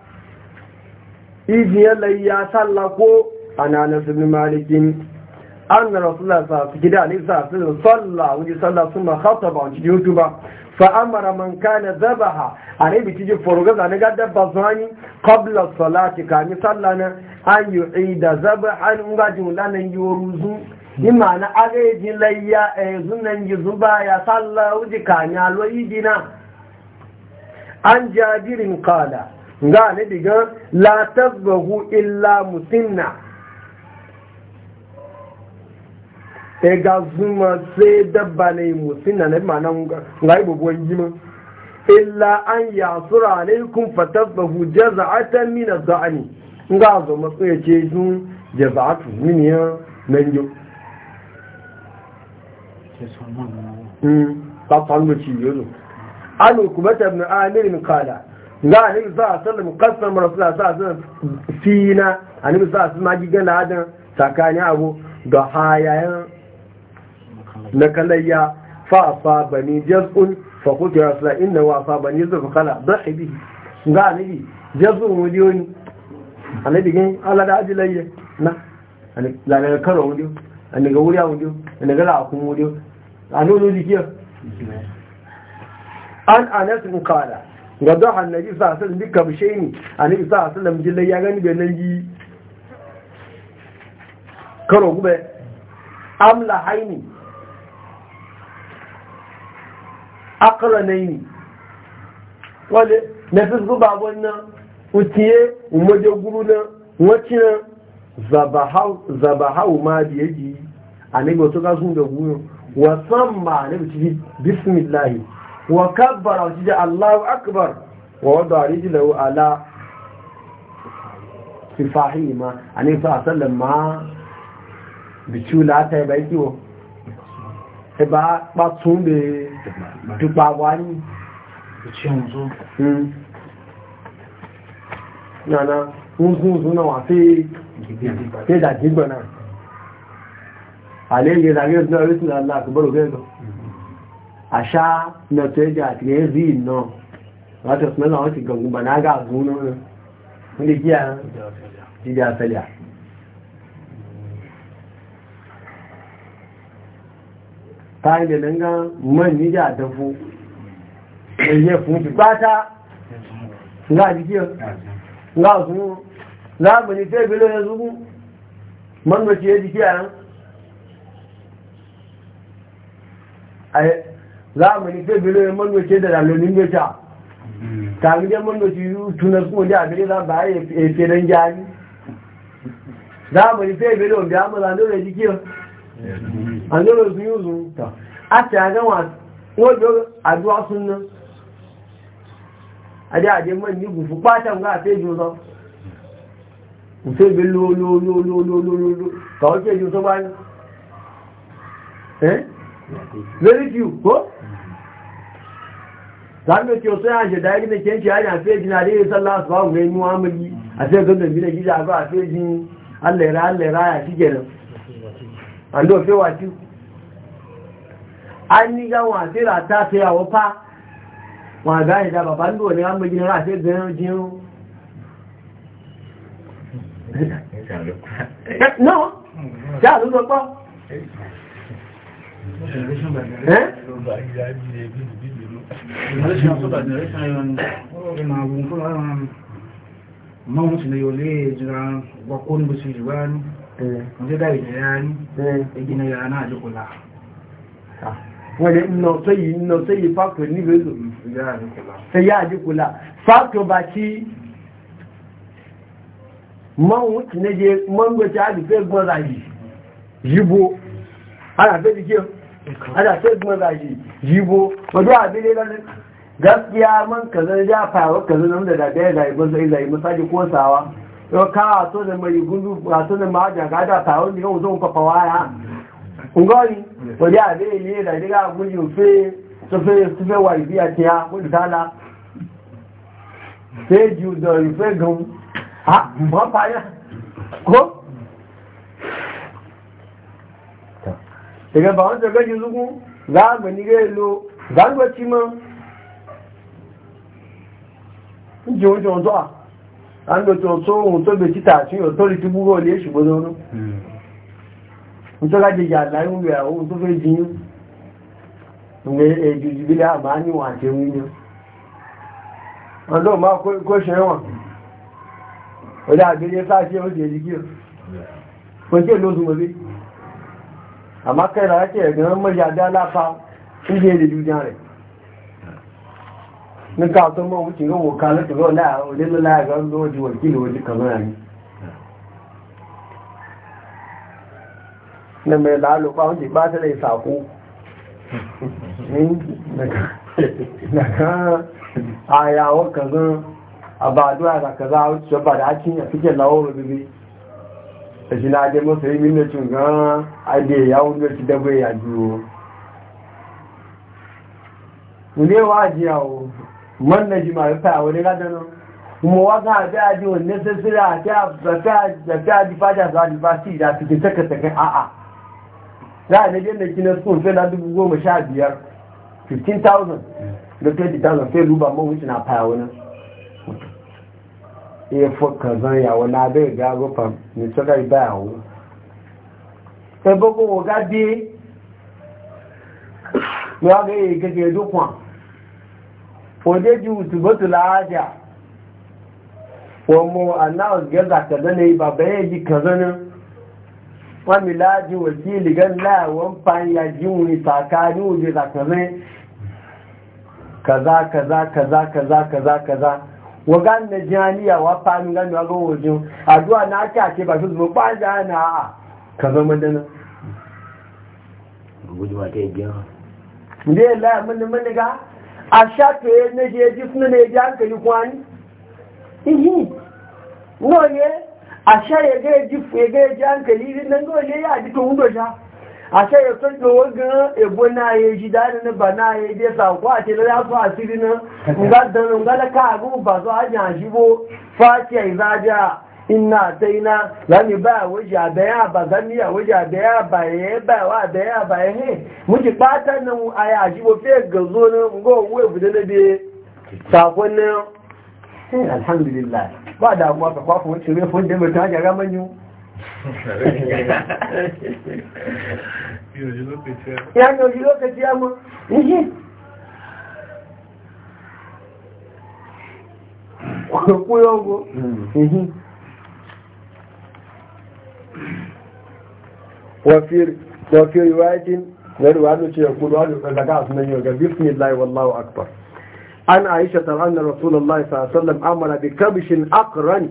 ijiyar layya sallako a nanar sulmi malikin an na rasu lasa su gida ne sa su salla wuce salla sun ma hatsa ba wancin youtube ba fa'amara man kana zabaha a rai biki ji foro ga dabba zuwani qabla salati kami sallah eh, na an yi da zaba an ga jimla nan yi ruzu ima na agaji layya a yanzu nan yi zuba ya sallah wuji kami alwa na. an jabirin kala ga ne diga la tasbahu illa musinna e ga zuma sai dabba ne sinna na ma nan ga bo yima illa an sura alaikum fatabahu jaz'atan min az-za'ani ga hmm, zo matsu ya ce sun jaz'atu min ya nan yo ta fando ci yo an kubata ibn amir qala ga ne za a sallam qasam rasulullah sallallahu alaihi wasallam fina annabi sallallahu alaihi wasallam ji ga abu da na kalayya fa fa bani jaz'un fa qultu ya inna wa fa bani jaz'un qala dhahi bi ga nabi jaz'un wudiyoni anabi gin ala da ajilayya na la la karo wudiyo an daga wuriya wudiyo an daga la akun wudiyo anu lo dikiya an anas bin qala ga dhaha annabi sallallahu alaihi wasallam bikabshaini annabi sa alaihi wasallam jilayya gani benan yi karo gube amla haini aqranaini wale na fisgu babon nan utiye umoje guru nan wacce zabahau ma da yaji a ne ga tuka sun ga guru wa samma ne bi bismillah wa kabbara wa ji Allahu akbar wa wada rijlahu ala sifahima a ne fa sallan ma bicula ta yi baikiwo ẹba na lè dùpa wà ní ìṣẹ́hùnzó hmm. nana ǹzùnzù náà wà fí ìdà jígbọ̀n náà àlẹ́yìn ìrànlẹ́ a sha àlá àkùbọ̀rọ̀ gẹ́gọ́ àṣà nọ̀tọ̀ ẹjà àti ẹ̀rí náà látọ̀ sílẹ̀ náà wọ́n ti gọ̀gùn bà náà gà ta da nan ga man ni da dafo yayi fun ki a jikiya? dikiyo a su za mu ni fe bilo ya zugu man ba ci dikiya za mu ni fe bilo ya man da lalonin ba ta ta ga man ba ci tunas ko da gare za ba ya fe dan jani za mu ni fe bilo da mu la dole àjọ́rò sí yóò zùn tà á ti àjọ́wà wọ́n jọ àdúwá súnná adé àjẹmọ́ ìdígù fún pátá nǹkan àtẹ́jù àndó fẹ́ wájú a ní yáwọn àti ràtà fẹ́ àwọ́ pá wọn àgá ìdá bàbá ń bò ní àmì jìnnà àti gbẹ̀rún jìnnà no ṣe àlúgbọ́ pọ́ Generation by mawuci na yole jira bakon bisu jiba ni je da ita ya ni da gina ya na ji kula wani nausayi nausayi faktor ni bezo sai ya ji kula faktor ba ci mawuci na je mangoci a dufe gbaza yi yibo ana fe jikin ana fe gbaza yi yibo gaskiya man kazan ja faru kazan nan da daga ya ba sai zai misali ko kosawa. yau ka so da mai gudu ka so da maja ga da faru ne yau zan fafa waya ungori to ya be ne da diga gudu fe to fe to fe wai biya ta ko dala sai ju da fe gun ha ba fa ya ko daga ba wanda ga yuzu zamani ga lo zalwaci ma níjẹ́ oúnjẹ wọn tó à á ń lò tí wọn tó ohun tó gbé títà àti ìyọ̀ tó rí tí búrò lè ṣùgbọ́n lọ́nà nítorí àjẹjì àdáyé ń rẹ̀ ohun tó fẹ́ èdè ìbílẹ̀ jẹ́ rẹ̀ na ká tó ba wíkì ló wò ká lótòrò onílò láàrẹ lóòdì wòkìlì òjì kan a ni nẹ̀mẹ̀ ìlàlùpá oúnjẹ bá tẹ́lẹ̀ ìsàkó ní nàkà àyàwó kàzán àbàdó àràkàzá òṣìṣẹ́ padà kíyàn fíkẹ̀ láwọ́rọ̀ bíbí ẹ̀ṣìnà ajé mọ́sẹ̀rí mílẹ̀tù gan-an ajé ìyàwó lọ́ti dẹ́gbẹ́ ìyàjú o ne wájí àwọ̀ man na jima'i fa wani gadanu kuma waka a fi aji wani sassira a fi aji fata za a ji fasi da cikin saka-sakan a'a za a nage da kina sun fi na dubu goma sha biyar 15,000 da 20,000 fi ruba mawuci na faya wani iya fuka zan yawo na bai ga fam Ni saka yi baya wu ebe ko ga bi ya ga yi gage dukwan ji fodeji utubatu la'aja wamo announce gaza kaza ne ba ya ji kaza ne wani laji wakili gan lawan fanya ji wuni tsakani wuje za kaza ne kaza kaza kaza kaza kaza kaza wagan na janiya wa fani gan na ga wajen addu'a na ake ake ba su zuwa kwanza na a kaza madana gudu ma ta yi gina. Ndiyar la'amun da ga? a shafe na jeji suna na yaji hankali kwani ihi noye a sha ya yaji ya ga yaji hankali nan ya ji tun hudo sha a sha ya san da ebo na ya ji dani na ba na ya je sa ko a ya so asiri na ka a ina daina lani ba waje abaya ba gani a waje abaya ba ya ba wa abaya ba ya he muke fata nan a ya ji bo fe ga zo na ngo we bude na be sakon na alhamdulillah ba da mu ka kwafa wace me fon da mata ga ramanyu ya no ji lokaci ya mu ni ko ko hmm. wafi riwayatin na riwayatun ce ya kudu wani da ga asu nan yau ga bifin lai wallawa akbar an a yi shatar an na rasulun lai sa kamishin akran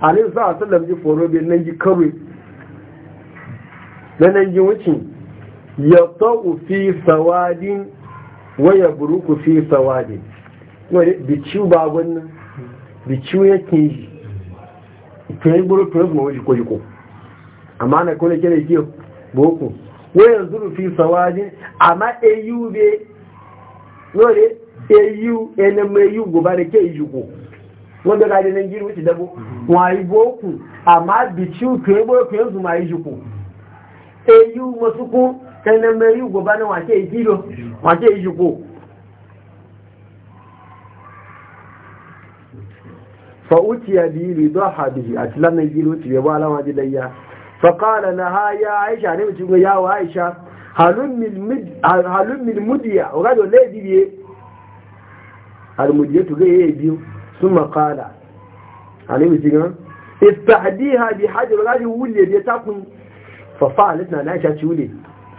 a ne sa asalin ji foro bi nan ji na nan ji wucin ya tsau fi sawadin waya buruku fi sawadin wani ba wannan bi yake yi tunanin buru tunanin ma wajen kwaiko amma na kone kene kiyo boku wayan zuru fi sawajin amma au be lori au ene mai yu da ke yi ko wanda ga da nan giri wuce dabo mm-hmm. wayi boku amma bici tunanin buru tunanin su ma yi ko au masu ko ene mai yu goba na wake yi kilo mm-hmm. ko فأتي به لضحى به أتلم يجيله تبيبا لما جليا فقال لها يا عائشة نمت يقول يا عائشة من المدية وقالوا لا يدي المدية تقول يدي ثم قال نمت يقول استحديها بحجر وقالوا ولي يتاكم ففعلتنا لا عائشة تقول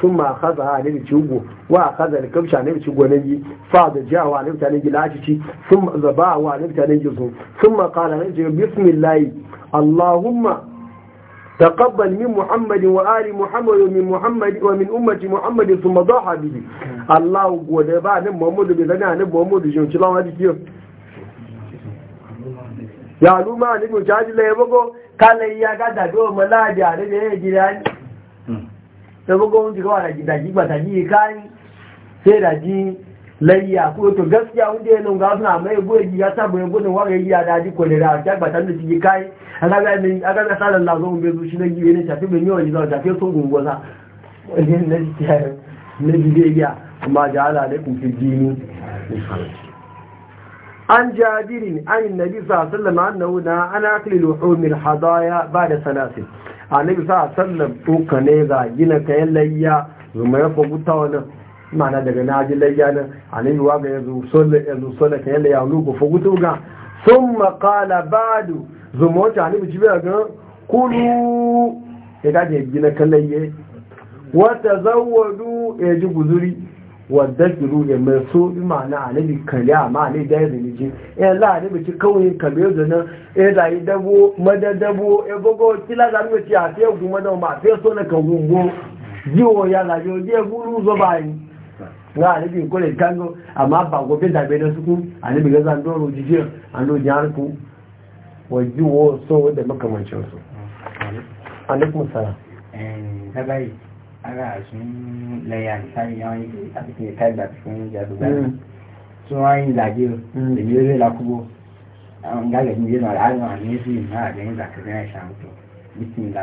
sun ma kaza a nabi cigo wa kaza da kamsha nabi cigo na yi fa da jiya wa nabi tare gila ci sun ma zaba wa nabi tare gila sun ma kala nabi cigo bismillahi allahumma تقبل من محمد وآل محمد ومن محمد ومن أمة محمد ثم ضاحى به الله ودبا نب محمد بذنا نب محمد جون شلا ما دي كيو يا لوما نبي جاج لا يبغو قال يا غدا دو ملاجا نبي جيران saboda wani kawai da gidaji ba ta ji kari sai da ji layya ko to gaskiya wanda yana ga suna mai goye giya ta bai gudun wa ya da ji ko da ta ba tan da ji kai aka ga ni aka ga sallan lazo zon bezu shi na giye ne tafi bin yawan gidan tafi sun gungoza ne na ji na ji gayya amma ja'ala alaikum fi dini an jabirin an nabi sallallahu alaihi wasallam annahu na ana akli luhumil hadaya ba da salasin annabi sa sallam to kane za gina kayan layya zuma ya fa guta wannan mana daga naji layya nan annabi waga ya zo solle ya zo solle kayan layya lu ko fa gutu ga thumma qala ba'du zuma wata annabi jibe ga kulu ya ga gina kayan layya wa tazawwadu ya ji guzuri wadda giru ya mai so bi ma'ana anabi kare a ma da ya zini ji ya eh, la anabi ci kawai kame zana ya eh, da yi dabo mada dabo ya eh, gogo kila da nuna ci a fiye kuma da ma fiye so na kan gungo jiwo ya la yiwo ya guru e zo ba yi na anabi kore kango amma ba gobe da bai da suku anabi ga zan doro jijiyar an do jihar ku wa yiwo so da makamancinsu mm. alaikum salam ara àṣún lẹ́yà nìkárí àti ìkáìgbà fún ìjà tí hmm. wọ́n ń làjẹ́ o hmm. èmi ó lè lakúgbó àwọn gàgẹ̀ ní ìlú àrà àwọn àmì sí ìmọ̀ àgbẹ̀ ń zàkẹ́rẹ́ ẹ̀ṣà ń ní ti ìlà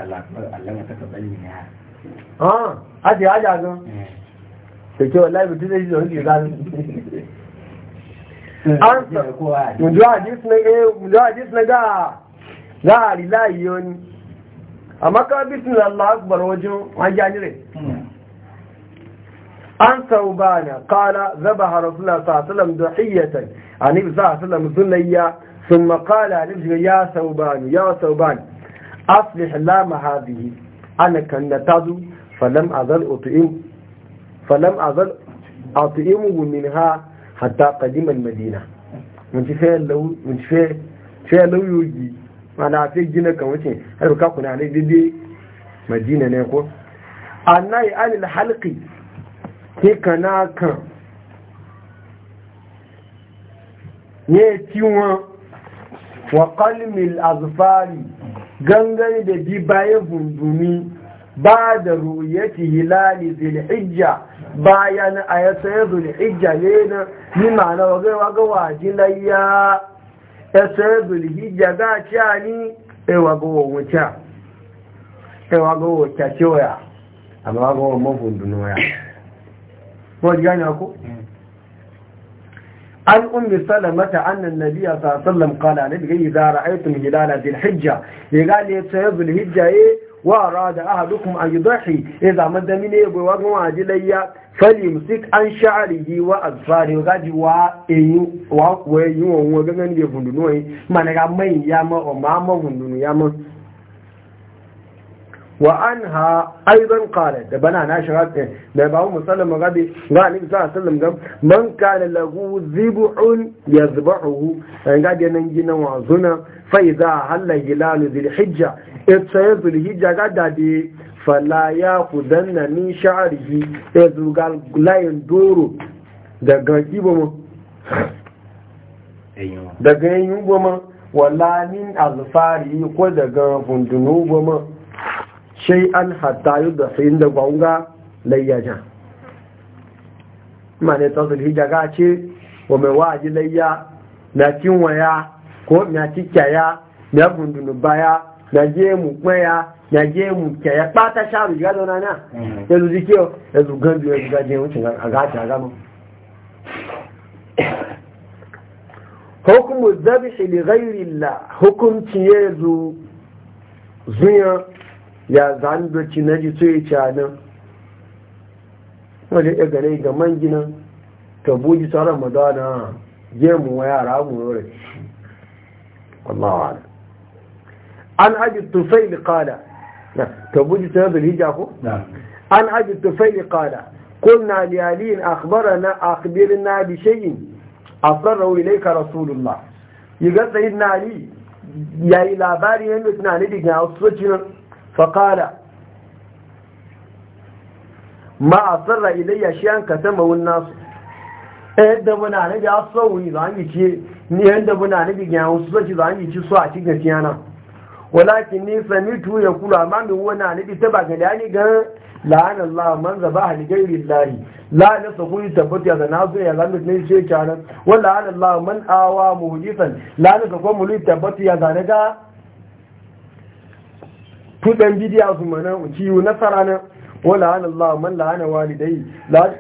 àlẹ́wọ̀n tẹ́tọ̀ bẹ́ẹ̀ ní ha. ọ̀hún a ti rájà gan. kèké hmm. ọ̀la tí lè jìnnà ń lè ah, rà eh, ní. ǹjọ́ àdìsínẹ́gà ǹjọ́ láàrin láàyè ọ ni. amma ka bitin Allah akbar wajen hajjani rai an saubana kala zabaha rasulullah sallallahu alaihi wasallam duhiyatan annabi sallallahu alaihi wasallam sunayya ثم قال لابنه يا ثوبان يا ثوبان أصلح لام هذه أنا كنتاز فلم أزل أطئم فلم أزل أطئمه منها حتى قدم المدينة من فعل لو من فعل لو يجي mana fi gina kan wuce har ka kuna ne bibi madina ne ko annai alil halqi ke kana kan ne tiwa wa qalmil azfari gangare da bi baye bundumi ba da ruyati hilali hijja bayan ayata hijja ne na ni ma'ana wa ga wa ga wajin layya ẹsẹ̀ zulhijja ga ci a ní ẹwàgọwọ̀ wọ́n gani hmm. an ummi salamata annan nabiya sallallahu alaihi wasallam qala nabi idza ra'aytum hilala dhil hijja ya sayyid dhil hijja wa rada ahadukum an yudhi idza madami ne boy wa gan ajilayya layya falyumsik an sha'rihi wa azfari wa gaji wa wa ko eyu wa gan ne fundunu wai mana ga mai ya ma o ma ma fundunu ya ma wa anha aidan qala da bana na shiga eh, da ba mu sallama gabi ga ni sallallahu sallam wasallam man kana lahu zibun yazbahu eh, ga nan gina wa zuna fa idha halla hilal dhil hijja ita ya zulhijja ga dade fala ya kudanna min sha'arihi ya e zuga layin doro daga kiboma daga yin goma wala min alfari ko daga fundunu goma Sai an hatta yi da sayin da gwanga layyaja ma ne ta zulhijja ga ce wa mai wa'aji layya na kinwaya ko na kikyaya na fundunu baya na je mu kwaya na je mu kyaya ɓata sha riga na, na ya zuzi kiyo ya zugan biyu ya zuga je wucin a gaci a gama hukumu zabihi li ghairi la hukumci ya zu zuya ya zan doci na ji tsoye ci a nan wanda ya e gane ga man ginin ta buji tsaron madana je mu wa yara mu yore wallawa عن أبي الطفيل قال تبوجي نعم. تنظر الهجة أخو نعم. عن أبي الطفيل قال قلنا لآلين أخبرنا أخبرنا بشيء أصره إليك رسول الله يقول سيدنا علي يا إلى باري أنتنا نبيك نعصتنا فقال ما أصر إلي شيئا كتمه الناس أدبنا نبي أصره إذا عندي شيء ni yanda muna nabi ga wasu lokaci da an yi ci su a cikin tiyana walakin ni sami samitu ya kula amma min wani anabi ta ba gani ani ga la'an Allah man zaba hali gairi lahi la na sakuri tabbata da na zo ya zama ne shi kana wala an Allah man awa muhdisan la na sakwa mulu tabbata ya zane ga tudan bidiya su mana ciwo nasara na wala an Allah man la'ana walidai la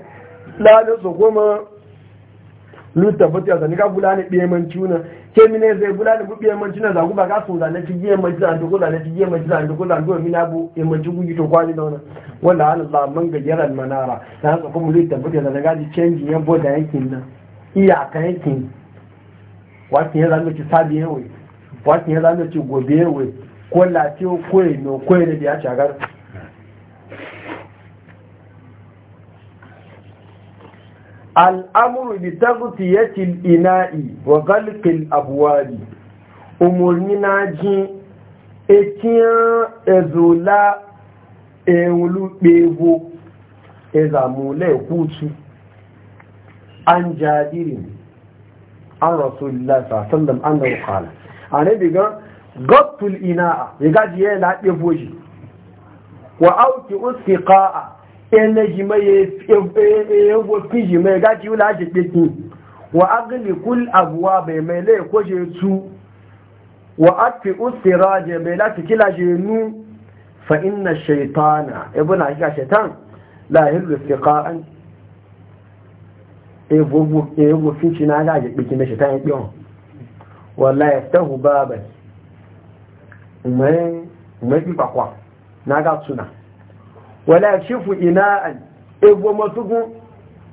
na sakwa ma lu tabbata ya zane ga bulani biyeman ciwo kemine zai bula da gubi yamanci na zagu ba ka sun zane ci giyan manci zane duku zane ci giyan manci zane duku zane ko mina bu yamanci gugi to kwani da wannan wanda an Allah man gajeran manara ta haka kuma zai tabbata da gaji canji yan boda yankin nan iyaka yankin wakin ya zama ci sabi yawai wakin ya zama ci gobe yawai ko latiyo ko ino ko ino da ya shagar al'amuru bi tagutiyatil ina'i wa galifin abuwari umarni na ji etiyan ezola ewulu pego ezamule kutu an jadirin an rasulullah sallallahu alaihi wasallam an biga gattul ina'a ya gaji yana ɗebo shi wa auki ustiqa'a energy mai yawo fiji mai gaji wula ake ɗaki wa agili kul abuwa bai mai lai kwaje su wa afi usira je mai lati kila je nu fa inna shaitana ibn e hakika shaitan la yirru siqa'an e gogo e gogo fiji na e na na wala shifu ina'an ebo matugun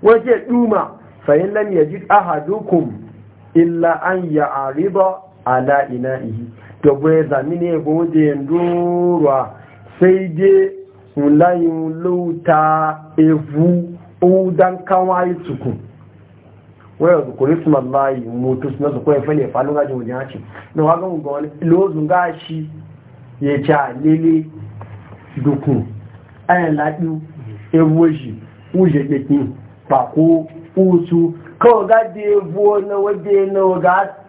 wace duma fa'in lam yajid ahadukum illa an ya'arida ala ina'ihi to boye zamini ebo waje ndurwa sai je mulayin lauta evu udan kawai suku waya zukuri su mallayi mutu na su kwaye fale falu gaji wajen haci na wagon ga wani lozun gashi ya ca lele duku ayan laɗi ebuwa shi uje ɗaƙi bako usu kawai ga da ebuwa na waje na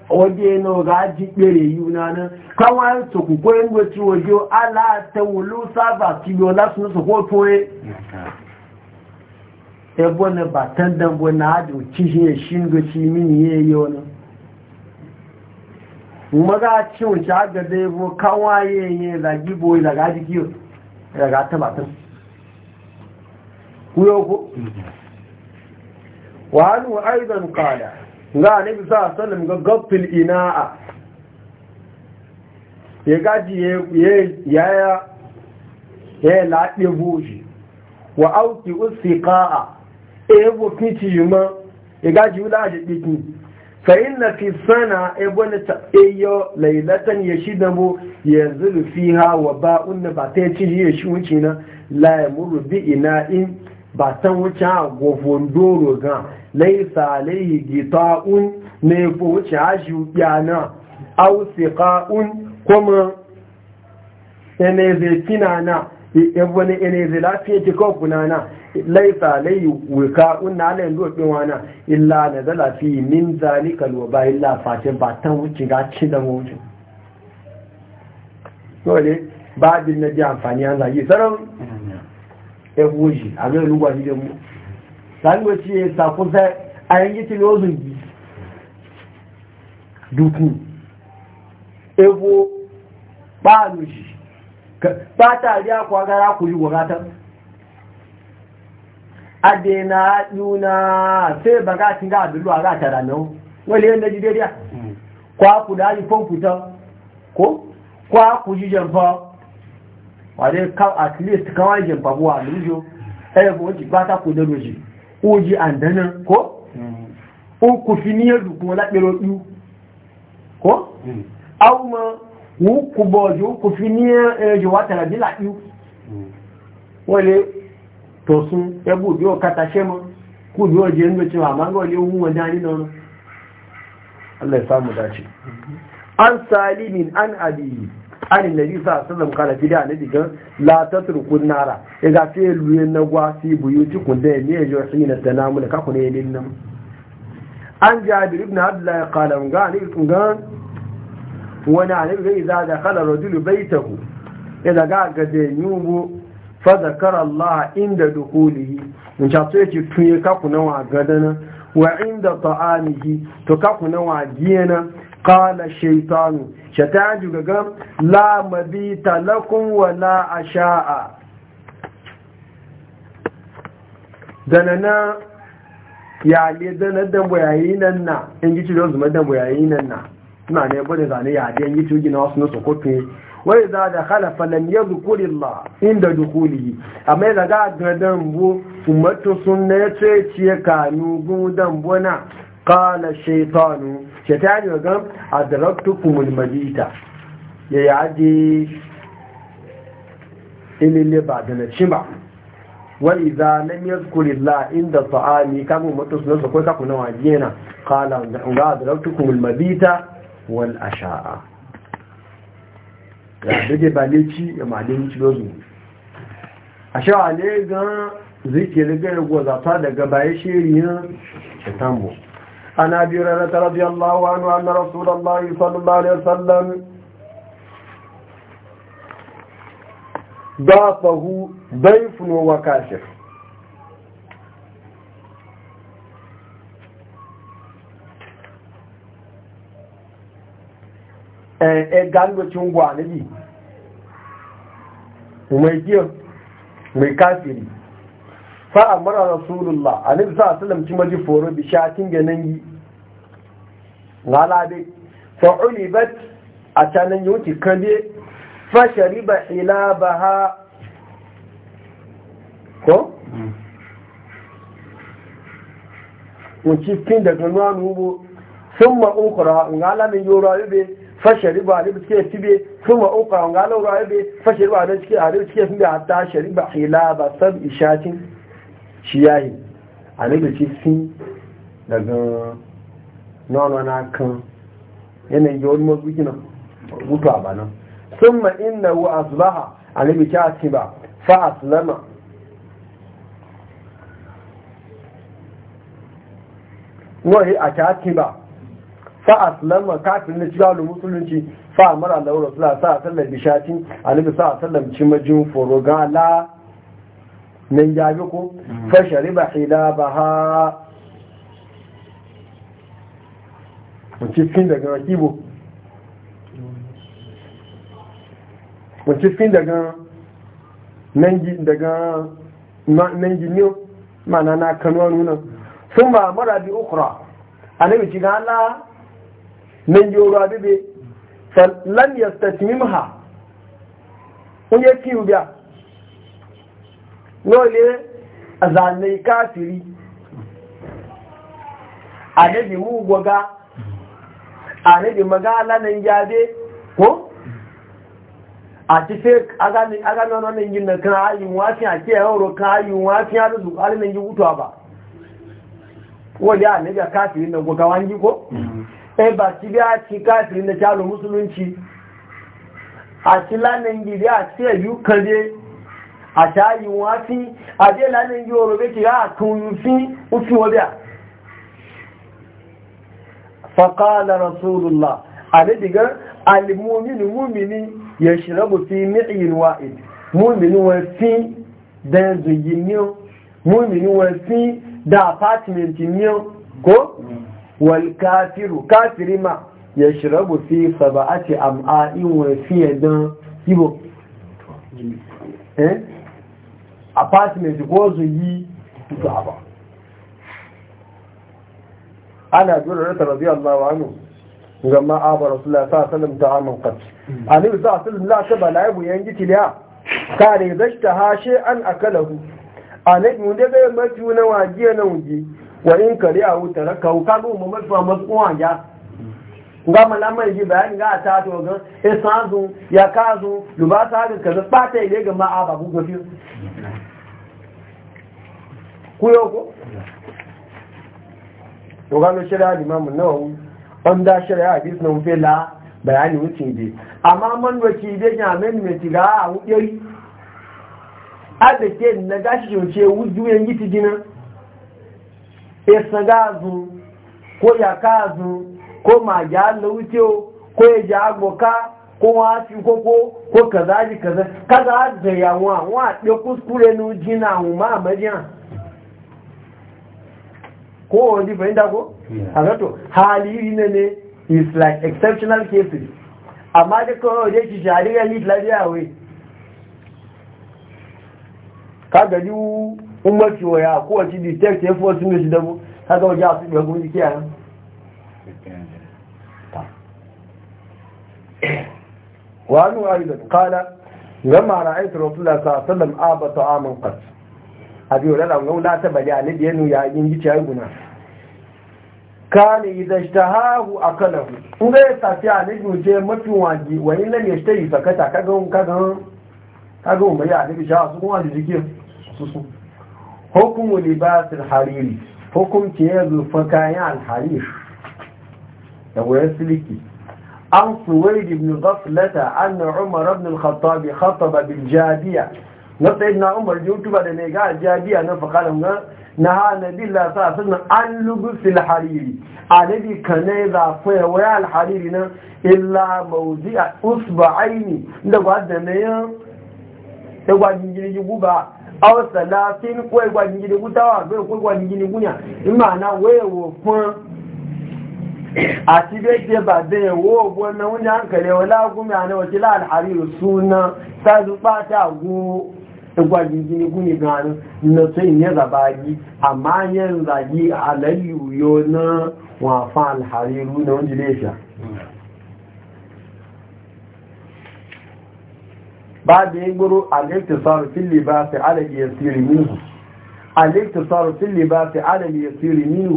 waje na waga ji ɓere yuna na kawai su kuko yin gwaci waje ala ta wulu saba tiyo lasu su ko toye ebuwa na batan dambo na aji kishin ya shi gwaci mini ya yi wani maga cin wuce aga da ebuwa kawai yin yi zagi boye ta ba ta. tabbatar kuyoko wa anu aidan qala ga nabi sa salim ga gaffil ina'a ya gaji ya ya laɗe buji wa auki usiƙa'a ebo kici yuma ya gaji wula da ɗiki fa inna fi sana ebo na ta'ayyo e lailatan ya shi damo ya zuru fi wa ba'un na ba ta la yamuru bi ina'in ba ta wuce a gofon doro ga yi salayi gita'un ne ko wuce a shi yana ausika'un kuma enezetina na e, e, wani ene zai lafiya ki ko kuna na laifa layi wuka na alayin lobe wana illa na zala fi min zalikal kalwa ba illa fashe ba ta wuce ga ci da wuce dole babin na ji amfani an zagi sarar egoji a zai lugwa shi mu sanu ce kusa a yanki tilozun gi duku ego ɓanu shi ba ta riya kwagara ku yi wadatar adena yuna sai ba ga tinga a ga tara nan wale at least kawai jin babuwa lujo ɗaya ba wajen ba ta kudu roji oji ko? Hmm. o ku fi ni yadda kuma laɓero ɗu ko? Hmm. au ma wu ku bọ̀jú ku fi ni yadda wa tara bi hmm. to sun ẹbù e bí o kata kú bí o dace an salimin an na nabi sa sallam kala gida ne diga la tatrukun kunnara, ya e ga fiye luye na gwasi buyu cikin da ne yo hina tanamu ka kun ne nan an jabir ibn abdullah qala ga ne kun ga wani ne ga idza dakhala rajul baytahu ya e da ga ga de nyubu fa zakara allah inda yi, mun ta so yace e tun ya ka kun wa gadana wa inda ta'amihi to ka kun wa giyana qala shaitanu, shaytan juga ga la mabita lakum wa asha'a danana ya le da boyayi nan na in gici don zuma da boyayi na ina ne bane zane ya da in gici gina wasu na sokoto wai za da hala lam yadhkuri Allah inda dukhulihi amma da ga gadan bo ummatu ya ce ciye kanu qala shaytanu shaytanu ga adraktukum almajita ya yaji ilille ba da nace ba wa idza lam yadhkur Allah inda ta'ami kamu mutusna ko ka kuna wajena qala adraktukum almajita wal asha'a ga dade balici ya malin cilozu asha'a ne ga zikirin ga gozata daga bayan shirin shaitan bu عن أبي هريرة رضي الله عنه أن رسول الله صلى الله عليه وسلم ضافه ضيف وكاشف e galwacin gwanabi mai kiyo mai kafiri fa amara rasulullah a sallallahu sa wasallam ci maji foro bi shatin ganin yi ngalabe fa ulibat atanan yuti kade fa shariba ha ko wuce fin daga nuwanu bu sun ma'ukura yi yoro yube fashari ba da suke be sun ma'ukura ngalamin yoro yube fashari ba da suke a da suke sun da hatta shariba ba sab ishatin shi yayi annabi ci sun daga nono na kan yanayin yawon mazuki na mutu a banan sun ma inda wa asbaha annabi ci a ci ba fa aslama wani a ci ba fa aslama kafin na cikin musulunci fa mara da wurin sa sallar bishatin annabi sa sallar cimajin forogala gala Nan jabi ko, mm. farce a riba sheda ba ha. Wacce kin daga kibo? Wacce kin daga nan gine, mana na kanuwa nuna? Fumbawa mara biyu ukuwa. Ana bai ci ka Allah nan yi ura biyu bai. Ka lanyasta tuni maha. lóòlé azàlẹ̀ káàkiri àdébì mú gbọgá àdébì magá alánàí jáde kó àti fẹ́ agánàná ní yìí nìkan ayin wá fi àti ẹ̀họ́rọ̀ kan ayin wá fi yi alánàí wútù àbà a dé àdébì káàkiri na gbọgá wá ń jí kó ẹbà tí a ti káàkiri na jálò mùsùlùmí àti lánàí gidi a ẹ̀yú kan dé àṣáyí wọn sí àdé ìlànà yí oòrùn méjì àtúnyù sí ó sí wọ́n bí à fàkàlà rasulullah àdédìgán alìmúmínú múmini yẹ ṣìrọ́bù sí mẹ́rin wa ìdí múmini wọn sí dẹ́nzù yìí ní ó múmini wọn sí dá apátimẹ̀ntì ní ó kó wọ́n káfíru káfírí ma yẹ ṣìrọ́bù sí sọ̀bà àti àmà ìwọ̀n sí ẹ̀dán kíbò apartment ko su yi su ba ana jura rata radiyallahu anhu ga ma aba rasulullah sa Salim ta amin a ani za sallam la ta bala yabu yangi tiliya kare zashta ta she an akalahu a mun da ga matu na wajiya na wuji wa in kare a wuta rakawu kaga mu mafi masu nga malama ji bayani ga ta e to ga esanzu ya kazu ta ga kaza pata ile ga ma ba Ku gafi kuyo ko to ga no shari'a imam nawawi on da shari'a hadis na fe la bayani wuce je amma man waki je ga men me tiga a wuri da ke na gashi yauce wuju yan giti jina esangazu ko ya kazu ko magiya Allah wuce ko ya ji agboka ko wa fi koko ko kaza ji kaza kaza da yawa wa ɗe kuskure nu jina hu ma majiya ko wani fahimta ko? a zato hali ne ne is like exceptional cases amma da kawai wajen ki shari ya yi lafiya wai ka gari umarci waya kowace detective force ne shi dabo ka ga wajen a su ɗagun jiki a nan wani wa'idun kala gama ra'ayi turutula sa'asalam a ba ta amin kas a biyu lalata gama da ta bari a ni biyanu ya yi gici ya guna kane yi da shita hahu a kanahu in ga ya a nufin je mafi wani wani nan ya shita yi sakata kagan mai a nufin sha su kuma da jikin su su hukumu libasin hariri hukumci ya zufa kayan alhariri da wayan siliki عن سويد بن غفلة عن عمر بن الخطاب خطب بالجادية نطعدنا عمر جوتب لنقاء الجادية فقال نها نبي الله صلى الله عليه وسلم عن لبس الحريري الذي كان إذا ويا الحريرنا إلا موضع أصبعين لو أدنى يقول جنجل يقوبا أو ثلاثين قوي قوي جنجل يقوبا قوي قوي جنجل يقوبا إما أنا ويوفون àti bẹ́ẹ̀ bàbẹ́ ìwó ògbó na oúnjẹ àǹkẹ̀lẹ̀ suna àná òjì a ìrùsù náà sáàdù pátá àgún ẹgbà jìnjìnigún nìkan nọ̀tọ́ ìyẹn bàbá yìí àmá yẹn ràyí àlẹ́lì ìwúyọ náà wọn àfán àlàrí ìrú náà oúnjẹ lè ṣà báàbí gbóró àlẹ́tẹ̀sọ́rọ̀ tí lè bá fẹ́ àlẹ́ yẹ̀ sí rí nínú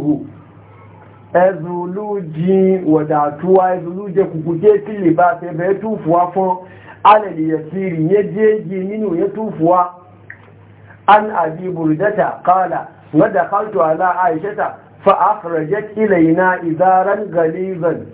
ezuluji wadatuwa ezuluje kukuke fili ba sai bai tufuwa fun alali ya je ya jeji minu ya tufuwa an abi burdata kala wadda kaltu ala aishata fa akhrajat ilaina idaran galizan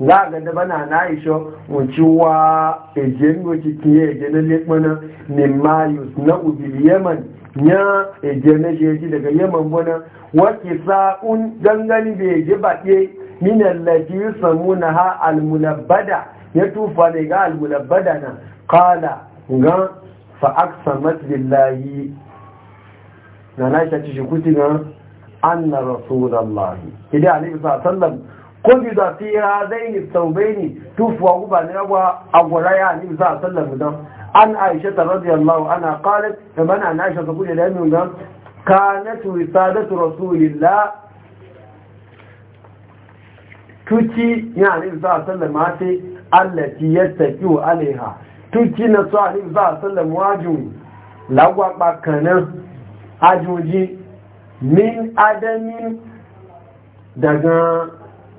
za a ganda bana na isho ci wa ejen wuci kiye ejen na lekmana mimayus na ubil yaman ya ejen na shi daga yaman bana wake sa'un gangani da ji baƙe minan lafi samu na ha almulabbada ya tufa ne ga almulabbada na kala ga fa'aksa lillahi na na shi kuti ga an na rasulallahi idan alaihi sallam kun ji zafi ya zai ne taubai ne tufuwa guba ne yawa a gwaraya ne za a sallar mudan an aisha ta radiyallahu ana qalat da mana na aisha ta kuje da yamin gan kanatu risalatu rasulillah tuci ya ne za a sallar mace ya tafi wa alaiha tuci na so ne za a sallar wajin lagwaba kanan ajoji min adamin daga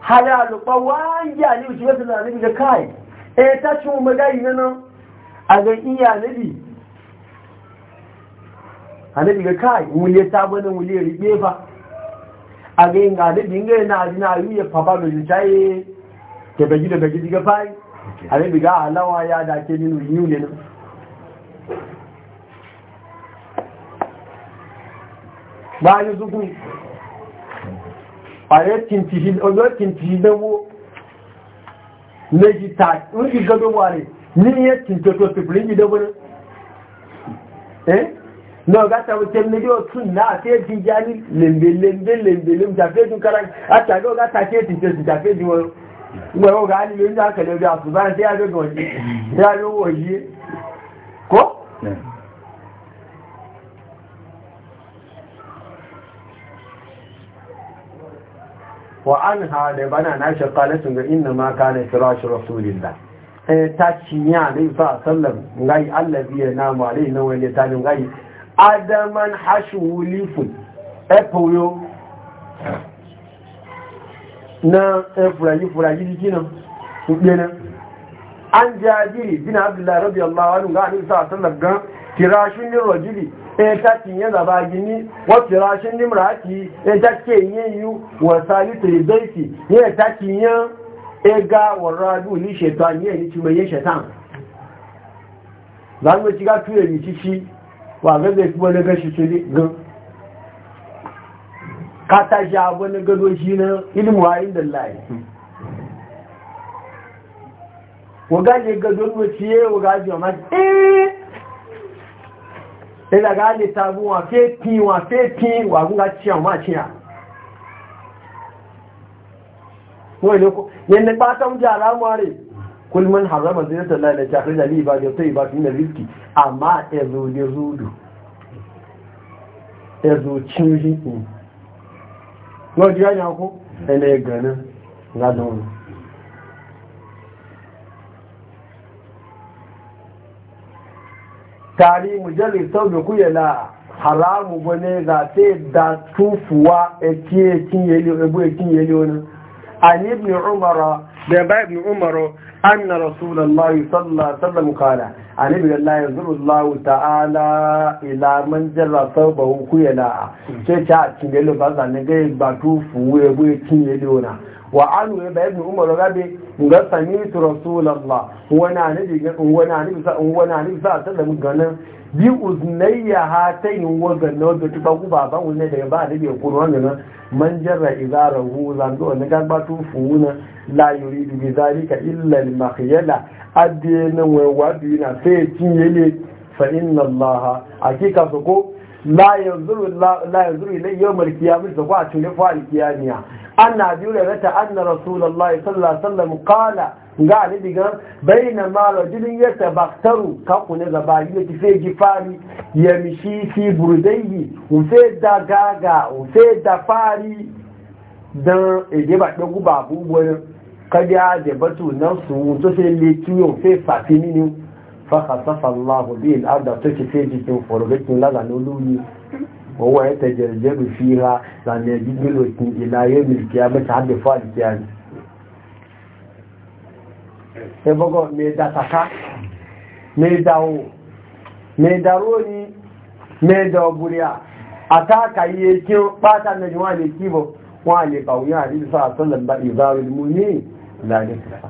halalu e, ba wani ya ne wuce wasu zanabi ga kai eh ta ci mu magani nan a ga iya nabi anabi ga kai wuliyar ta bane wuliyar ribe fa a ga yin anabi ga na ajina yi ya papa da jitaye ke bagi da bagi diga fai anabi ga alawa ya da ke ninu yiwu ne nan bayan zukun ọ̀rẹ́ tìntì dánwó méjì tàbí gẹ́gẹ́ wà rẹ̀ ní iye tìntì tó ti bìrì dánwó náà gáta wùtẹ́ méjì ọ̀tún náà fẹ́ di já ní lèmbèlèmbè lèmbèlè ìjàfẹ́ jù kára àtàrí ọ̀gá tàbí tìntì ìjàfẹ́ jù wọn gbẹ̀rọ ọ̀gá ní lórí àkẹ̀lẹ̀ bí àtùbá wa an ha da bana na shi qalatun ga inna ma kana firash rasulillah eh ta cinya ne fa sallam ngai allazi yanamu alai na wani ta ngai adaman hashu lifun epoyo na e, furayi furayi jiki nan kuɗe nan an jajiri bin abdullahi rabbi allahu anu ga anisa sallam ga kirashin yin rajuli in eh, ta cinye zaba gini wata rashin nimraki in eh, ta ke yin yi wa salitu rizaiki yin ta cinye ega eh, wa radu ni shetan yin yi cimai yin shetan za mu ci ga tuye ni cici wa ga zai kuma na gashi tuli gan ka ta shi abu na gado shi na ilimu a inda layi wa gaje gado mu ciye wa gaje ma eh ila ga le tabu wa fe pi wa fe pi wa gunga chiya wa chiya ko ne ko yen ne ba ta mu jara mu are kul man harama zinata la la tahrija li ba da tayi ba min rizqi amma ezu ne zudu ezu chinji ko ji ya ko ene ga don tari mujallar sau da kuya na haramu gwani za ta da tufuwa a kiye kinyeli ebu a kinyeli wani an yi ibn umaru da ya ba ibn umaru an na rasulun rasulallah sallallahu sallam kala an ibn allah ya zuru allah ta'ala ila man jarra sau ba kuya na ce ta kinyeli ba za ne ga ba tufuwa ebu a kinyeli wani wa anu ya bayan umar rabe ga sami su rasulallah ne anabi sa sallam ganin bi uznayya yi wa ganna da tuba ku ba wani daga ba ne ya kuma wani nan man jarra izara hu zando wani gaba tufu na la yuridu bi ka illa al makhyala adena wa wadi na sai cinye ne fa inna allaha hakika su ko la yanzuru la yanzuru ilay yawm al-qiyamah fa kwa tuni fa al-qiyamiya anna biura rata anna rasulullahi sallallahu alaihi wasallam qala ga ali diga mara, ma rajulin yatabaktaru Kanku kune gaba yi ki fe gifari ya mishi fi burdayi u fe da gaga u fe da fari Don ede ba ɗan guba abubuwan kadiya da batu nan su to sai le kiyo fe fatini ni فخسف الله به الأرض تكفيك فرغك لا نلوي وهو يتجرجر فيها لأن يجد ملوك إلى يوم القيامة عبد فارك يعني ẹgbọ́gọ́ mẹ́dàtàká mẹ́dàwó mẹ́dàróní mẹ́dàọ̀bùrìà àtàkà iye kí ó pátá mẹ́jọ wọ́n lè kíbọ̀ wọ́n lè bàwúyàn àríwísà àtọ́lẹ̀ ìbáwẹ̀ mú ní ìlànà ìfẹ́fà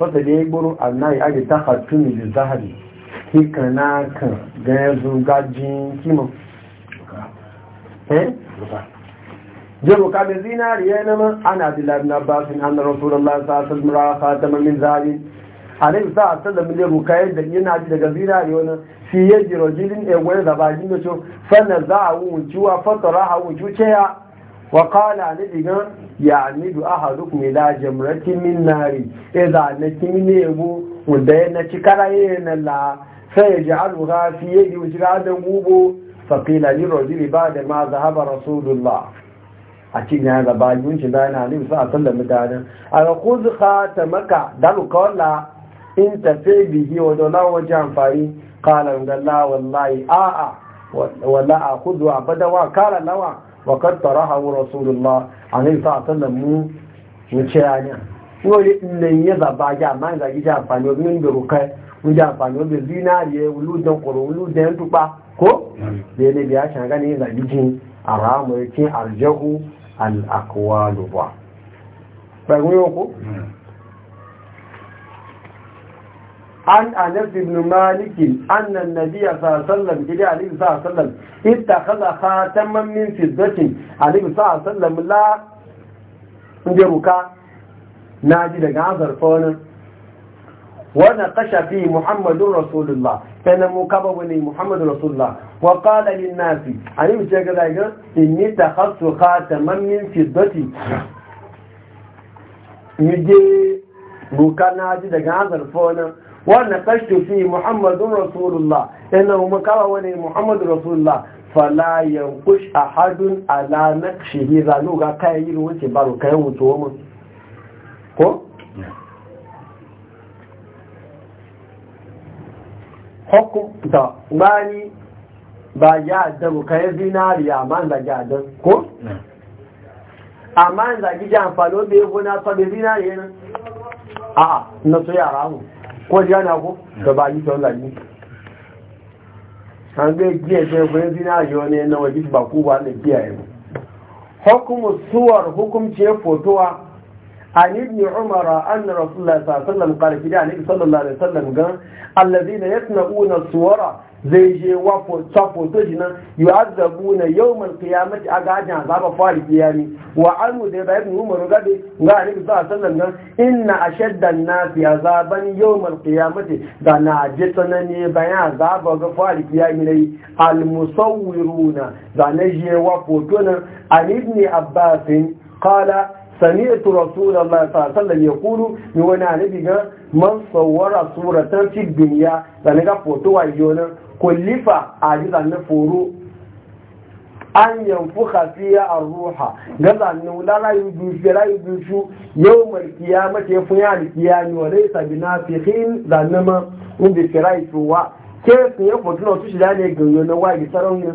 fata da ya gburu annayi aji ta hatu ne da zahari hikar na kan gane zungajin kimon jebu ka da zinari ya yi nama ana dilar na ba su hannun rasulallah sa su mura sa ta mamin zahari a ne sa a sada mule ruka yadda yana ji daga zinari wani fi yadda rajilin ewuwa zaba jini da co sannan za a wuce wa fata raha wuce ya وقال نجد يعني أحدكم الى جمره من نار إذا نتمني أبو ودينا تكرين الله فيجعل في يدي وجراد غوبو فقيل للرجل بعد ما ذهب رسول الله أتيني هذا بعد من شبان عليه صلى الله عليه وسلم أنا خذ خاتمك دلو قال انت في به ودولا وجان فاري قال الله والله آآ ولا أخذ عبدا وقال لوا وقد طرحه رسول الله عليه الصلاة والسلام مشيانا wani nan ya zaba ya ma za ki ja amfani wa min da rukai mun ja amfani wa zinariye wuludan koro wuludan tuba ko da ya ne biya shan gani za ki jin a yakin arjahu al aqwalu ba bai ko an anas ibn malik anna an-nabiy sallallahu alaihi wasallam ittakhadha khataman min fiddatin alaihi sallallahu la injaruka naji daga azarfa wannan wannan kashafi muhammadun rasulullah sai mu kaba wani muhammadun rasulullah wa qala lin nasi alaihi ce ga daga inni takhassu khataman min fiddati mije ruka naji daga azarfa wannan wannan kashe fi muhammadun rasulullah kuma makawa wani muhammadun rasulullah falayen kush a hadun alana shiri zanu ga kayan yi wuce baro kayan wuce wa mun ko? hukum da gani ba ya adam kayan zinariya ma da ga adam a amma yanzu a gijan falo bai guna fa bai zinariya nan a nasu yara mu ko ji ana ko da ba yi tsawon lagi an zai giya ce kwaye zina yi wani yana ba ku ba na kiyaye mu hukumu suwar hukumci fotowa umar an sallallahu sallallahu suwara zai je wa to shi nan yi azabu na yau mal kiyamati a gajin azaba fari yari wa anu da ya bayan umaru gabe ga a nufi sa sallan nan inna a shaddan na fi azaban yau mal kiyamati da na je tsanani bayan zaba ga fari yari na yi almusawwiruna da na je wa foto nan a ibni abbasin kala سمعت رسول الله صلى الله عليه وسلم يقول يوانا نبي من صور صورة في الدنيا لنقى فوتو kullifa a ji na foro an yanfu hafiya a ruha ga zanen larayu dushe rayu dushu yau mai mace ya funya da yi wa rai sabi na fihin zanen ma inda firai tuwa ke sun yi na su shida ne ganyo na wagi sarauniya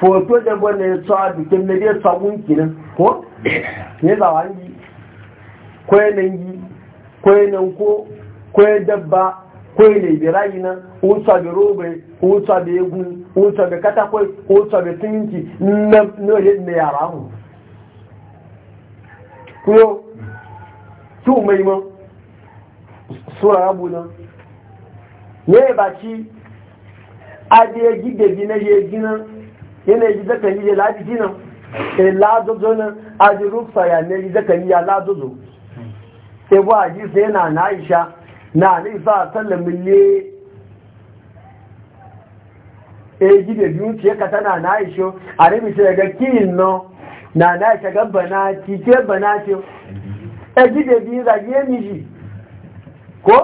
foto da gwanda ya tsawa dukkan na biyar sabon kinan ko ne zawa yi ko yanayi ko yanan ko ko dabba kwele ibirayi na wuta da robe wuta da egu wuta da katakwai wuta da tinki na yadda yara mu kuyo tu mai ma sura abu na ne ba ci adiye gide gina ye gina yana yi zaka yi ya ladi gina e ladozo na adi rufa ya ne yi zaka yi ya ladozo ebo aji sai na na aisha na ne sa sallan mille e gide biyu ce ka tana na aisho a rabi ce ga kin no na na ta ga bana ci ce bana ce e gide biyu za ye miji ko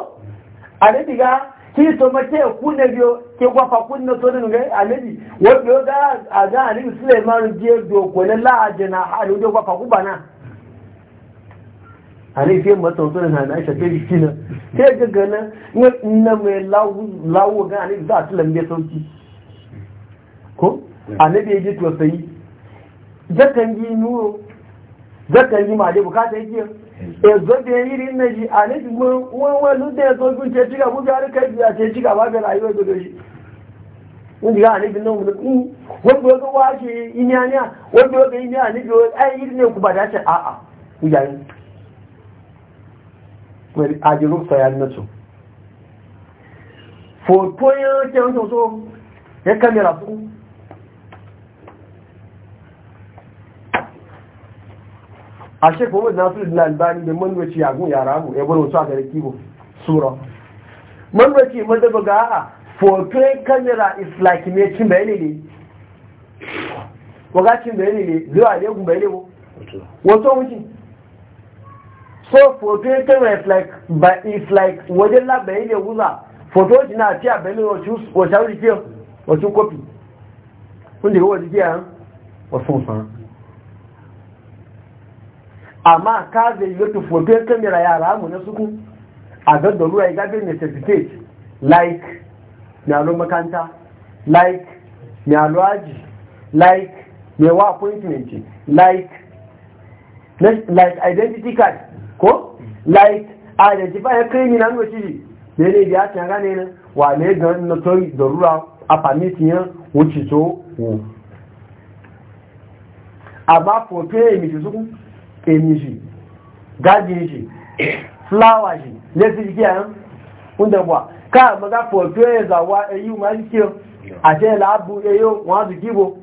a rabi ga ki to mace ku ne biyo ke kwafa ku na to ne ga alabi wanda ga a ga alabi Sulaiman je do ko na la ajana halu do kwafa ku bana a ne fiye mata wasu na na aisha sai jiki na sai ga na mai lawo ga ne za a ci lambe sauki ko a ne bai ji tosayi zakan yi nuro zakan yi maje bukata yake zo da ya yi rin na ji a ne fi wani lunda ya sauki ce cika ku ga kai biya ce cika ba ga rayuwar da doshi wọ́n ti ká àníbi náà wọ́n ní wọ́n wani wọ́n wá ṣe ìní àníà wọ́n bí wọ́n bí ìní àníbi ó ẹ́ yìí ní okùn bàdá ṣe àà ìyá yìí aji rufa ya nato foto ya ke wato so ya kamera su a shekaru na su lalbani da manwaci yagun yara mu ya bari wasu a gari kibo sura manwaci madaba ga a foto ya kamera is like me cin bayani ne wakacin bayani ne zuwa ne gun bayani ne wato mutum so photo yake is like but it's like wajen labarai ne wuza photo shi na ci a benin wacce wuri ke wacce kofi kun da wajen jiya wasu amma ka zai yi wata photo yake mera yara mu na suku a gaggaru ya gabe certificate like mialo makanta like mialo aji like mewa appointment like like identity card ko like a da jifa ya kai minan wa shi ne ne biya ta gane ne wa ne ga na to da rura a permit yan wuce to wo A ba to ya mi su ku e mi shi gaji shi flower shi le si ki an unda bwa ka ma ga fo to a za wa e yu ma ki a je la bu e yo wa zu kibo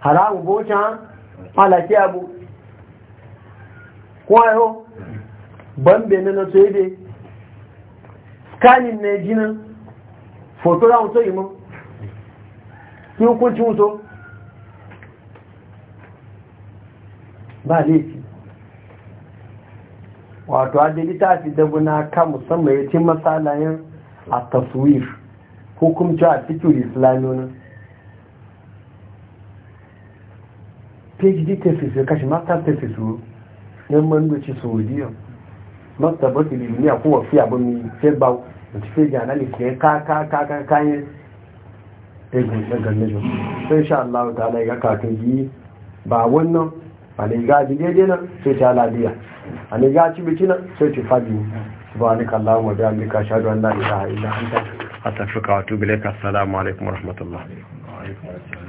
haramu bo cha ala ki abu ko ayo bambe na na so ebe skanin na ejina foto ra wuto imo ki hukunci ba laifi wato adali ta fi dabuna aka musamman ya ce matsalayen a taswir hukumci a cikin na. phd thesis ya kashe master thesis ne man mandoci saudiya ni a bó ti lè ní àkúwọ̀ sí àbomi fẹ́ gbá òtí fẹ́ jà náà lè kẹ́ káyẹ́ egun daga nijo sai sha Allah ta ala ga kakin yi ba wannan a ne ga ji daidai nan sai ta ladiya a ne ga ci biki nan sai ta fadi subhanaka allahumma bi amrika shadu an la ilaha illa anta astaghfiruka wa atubu ilaik assalamu alaikum wa rahmatullah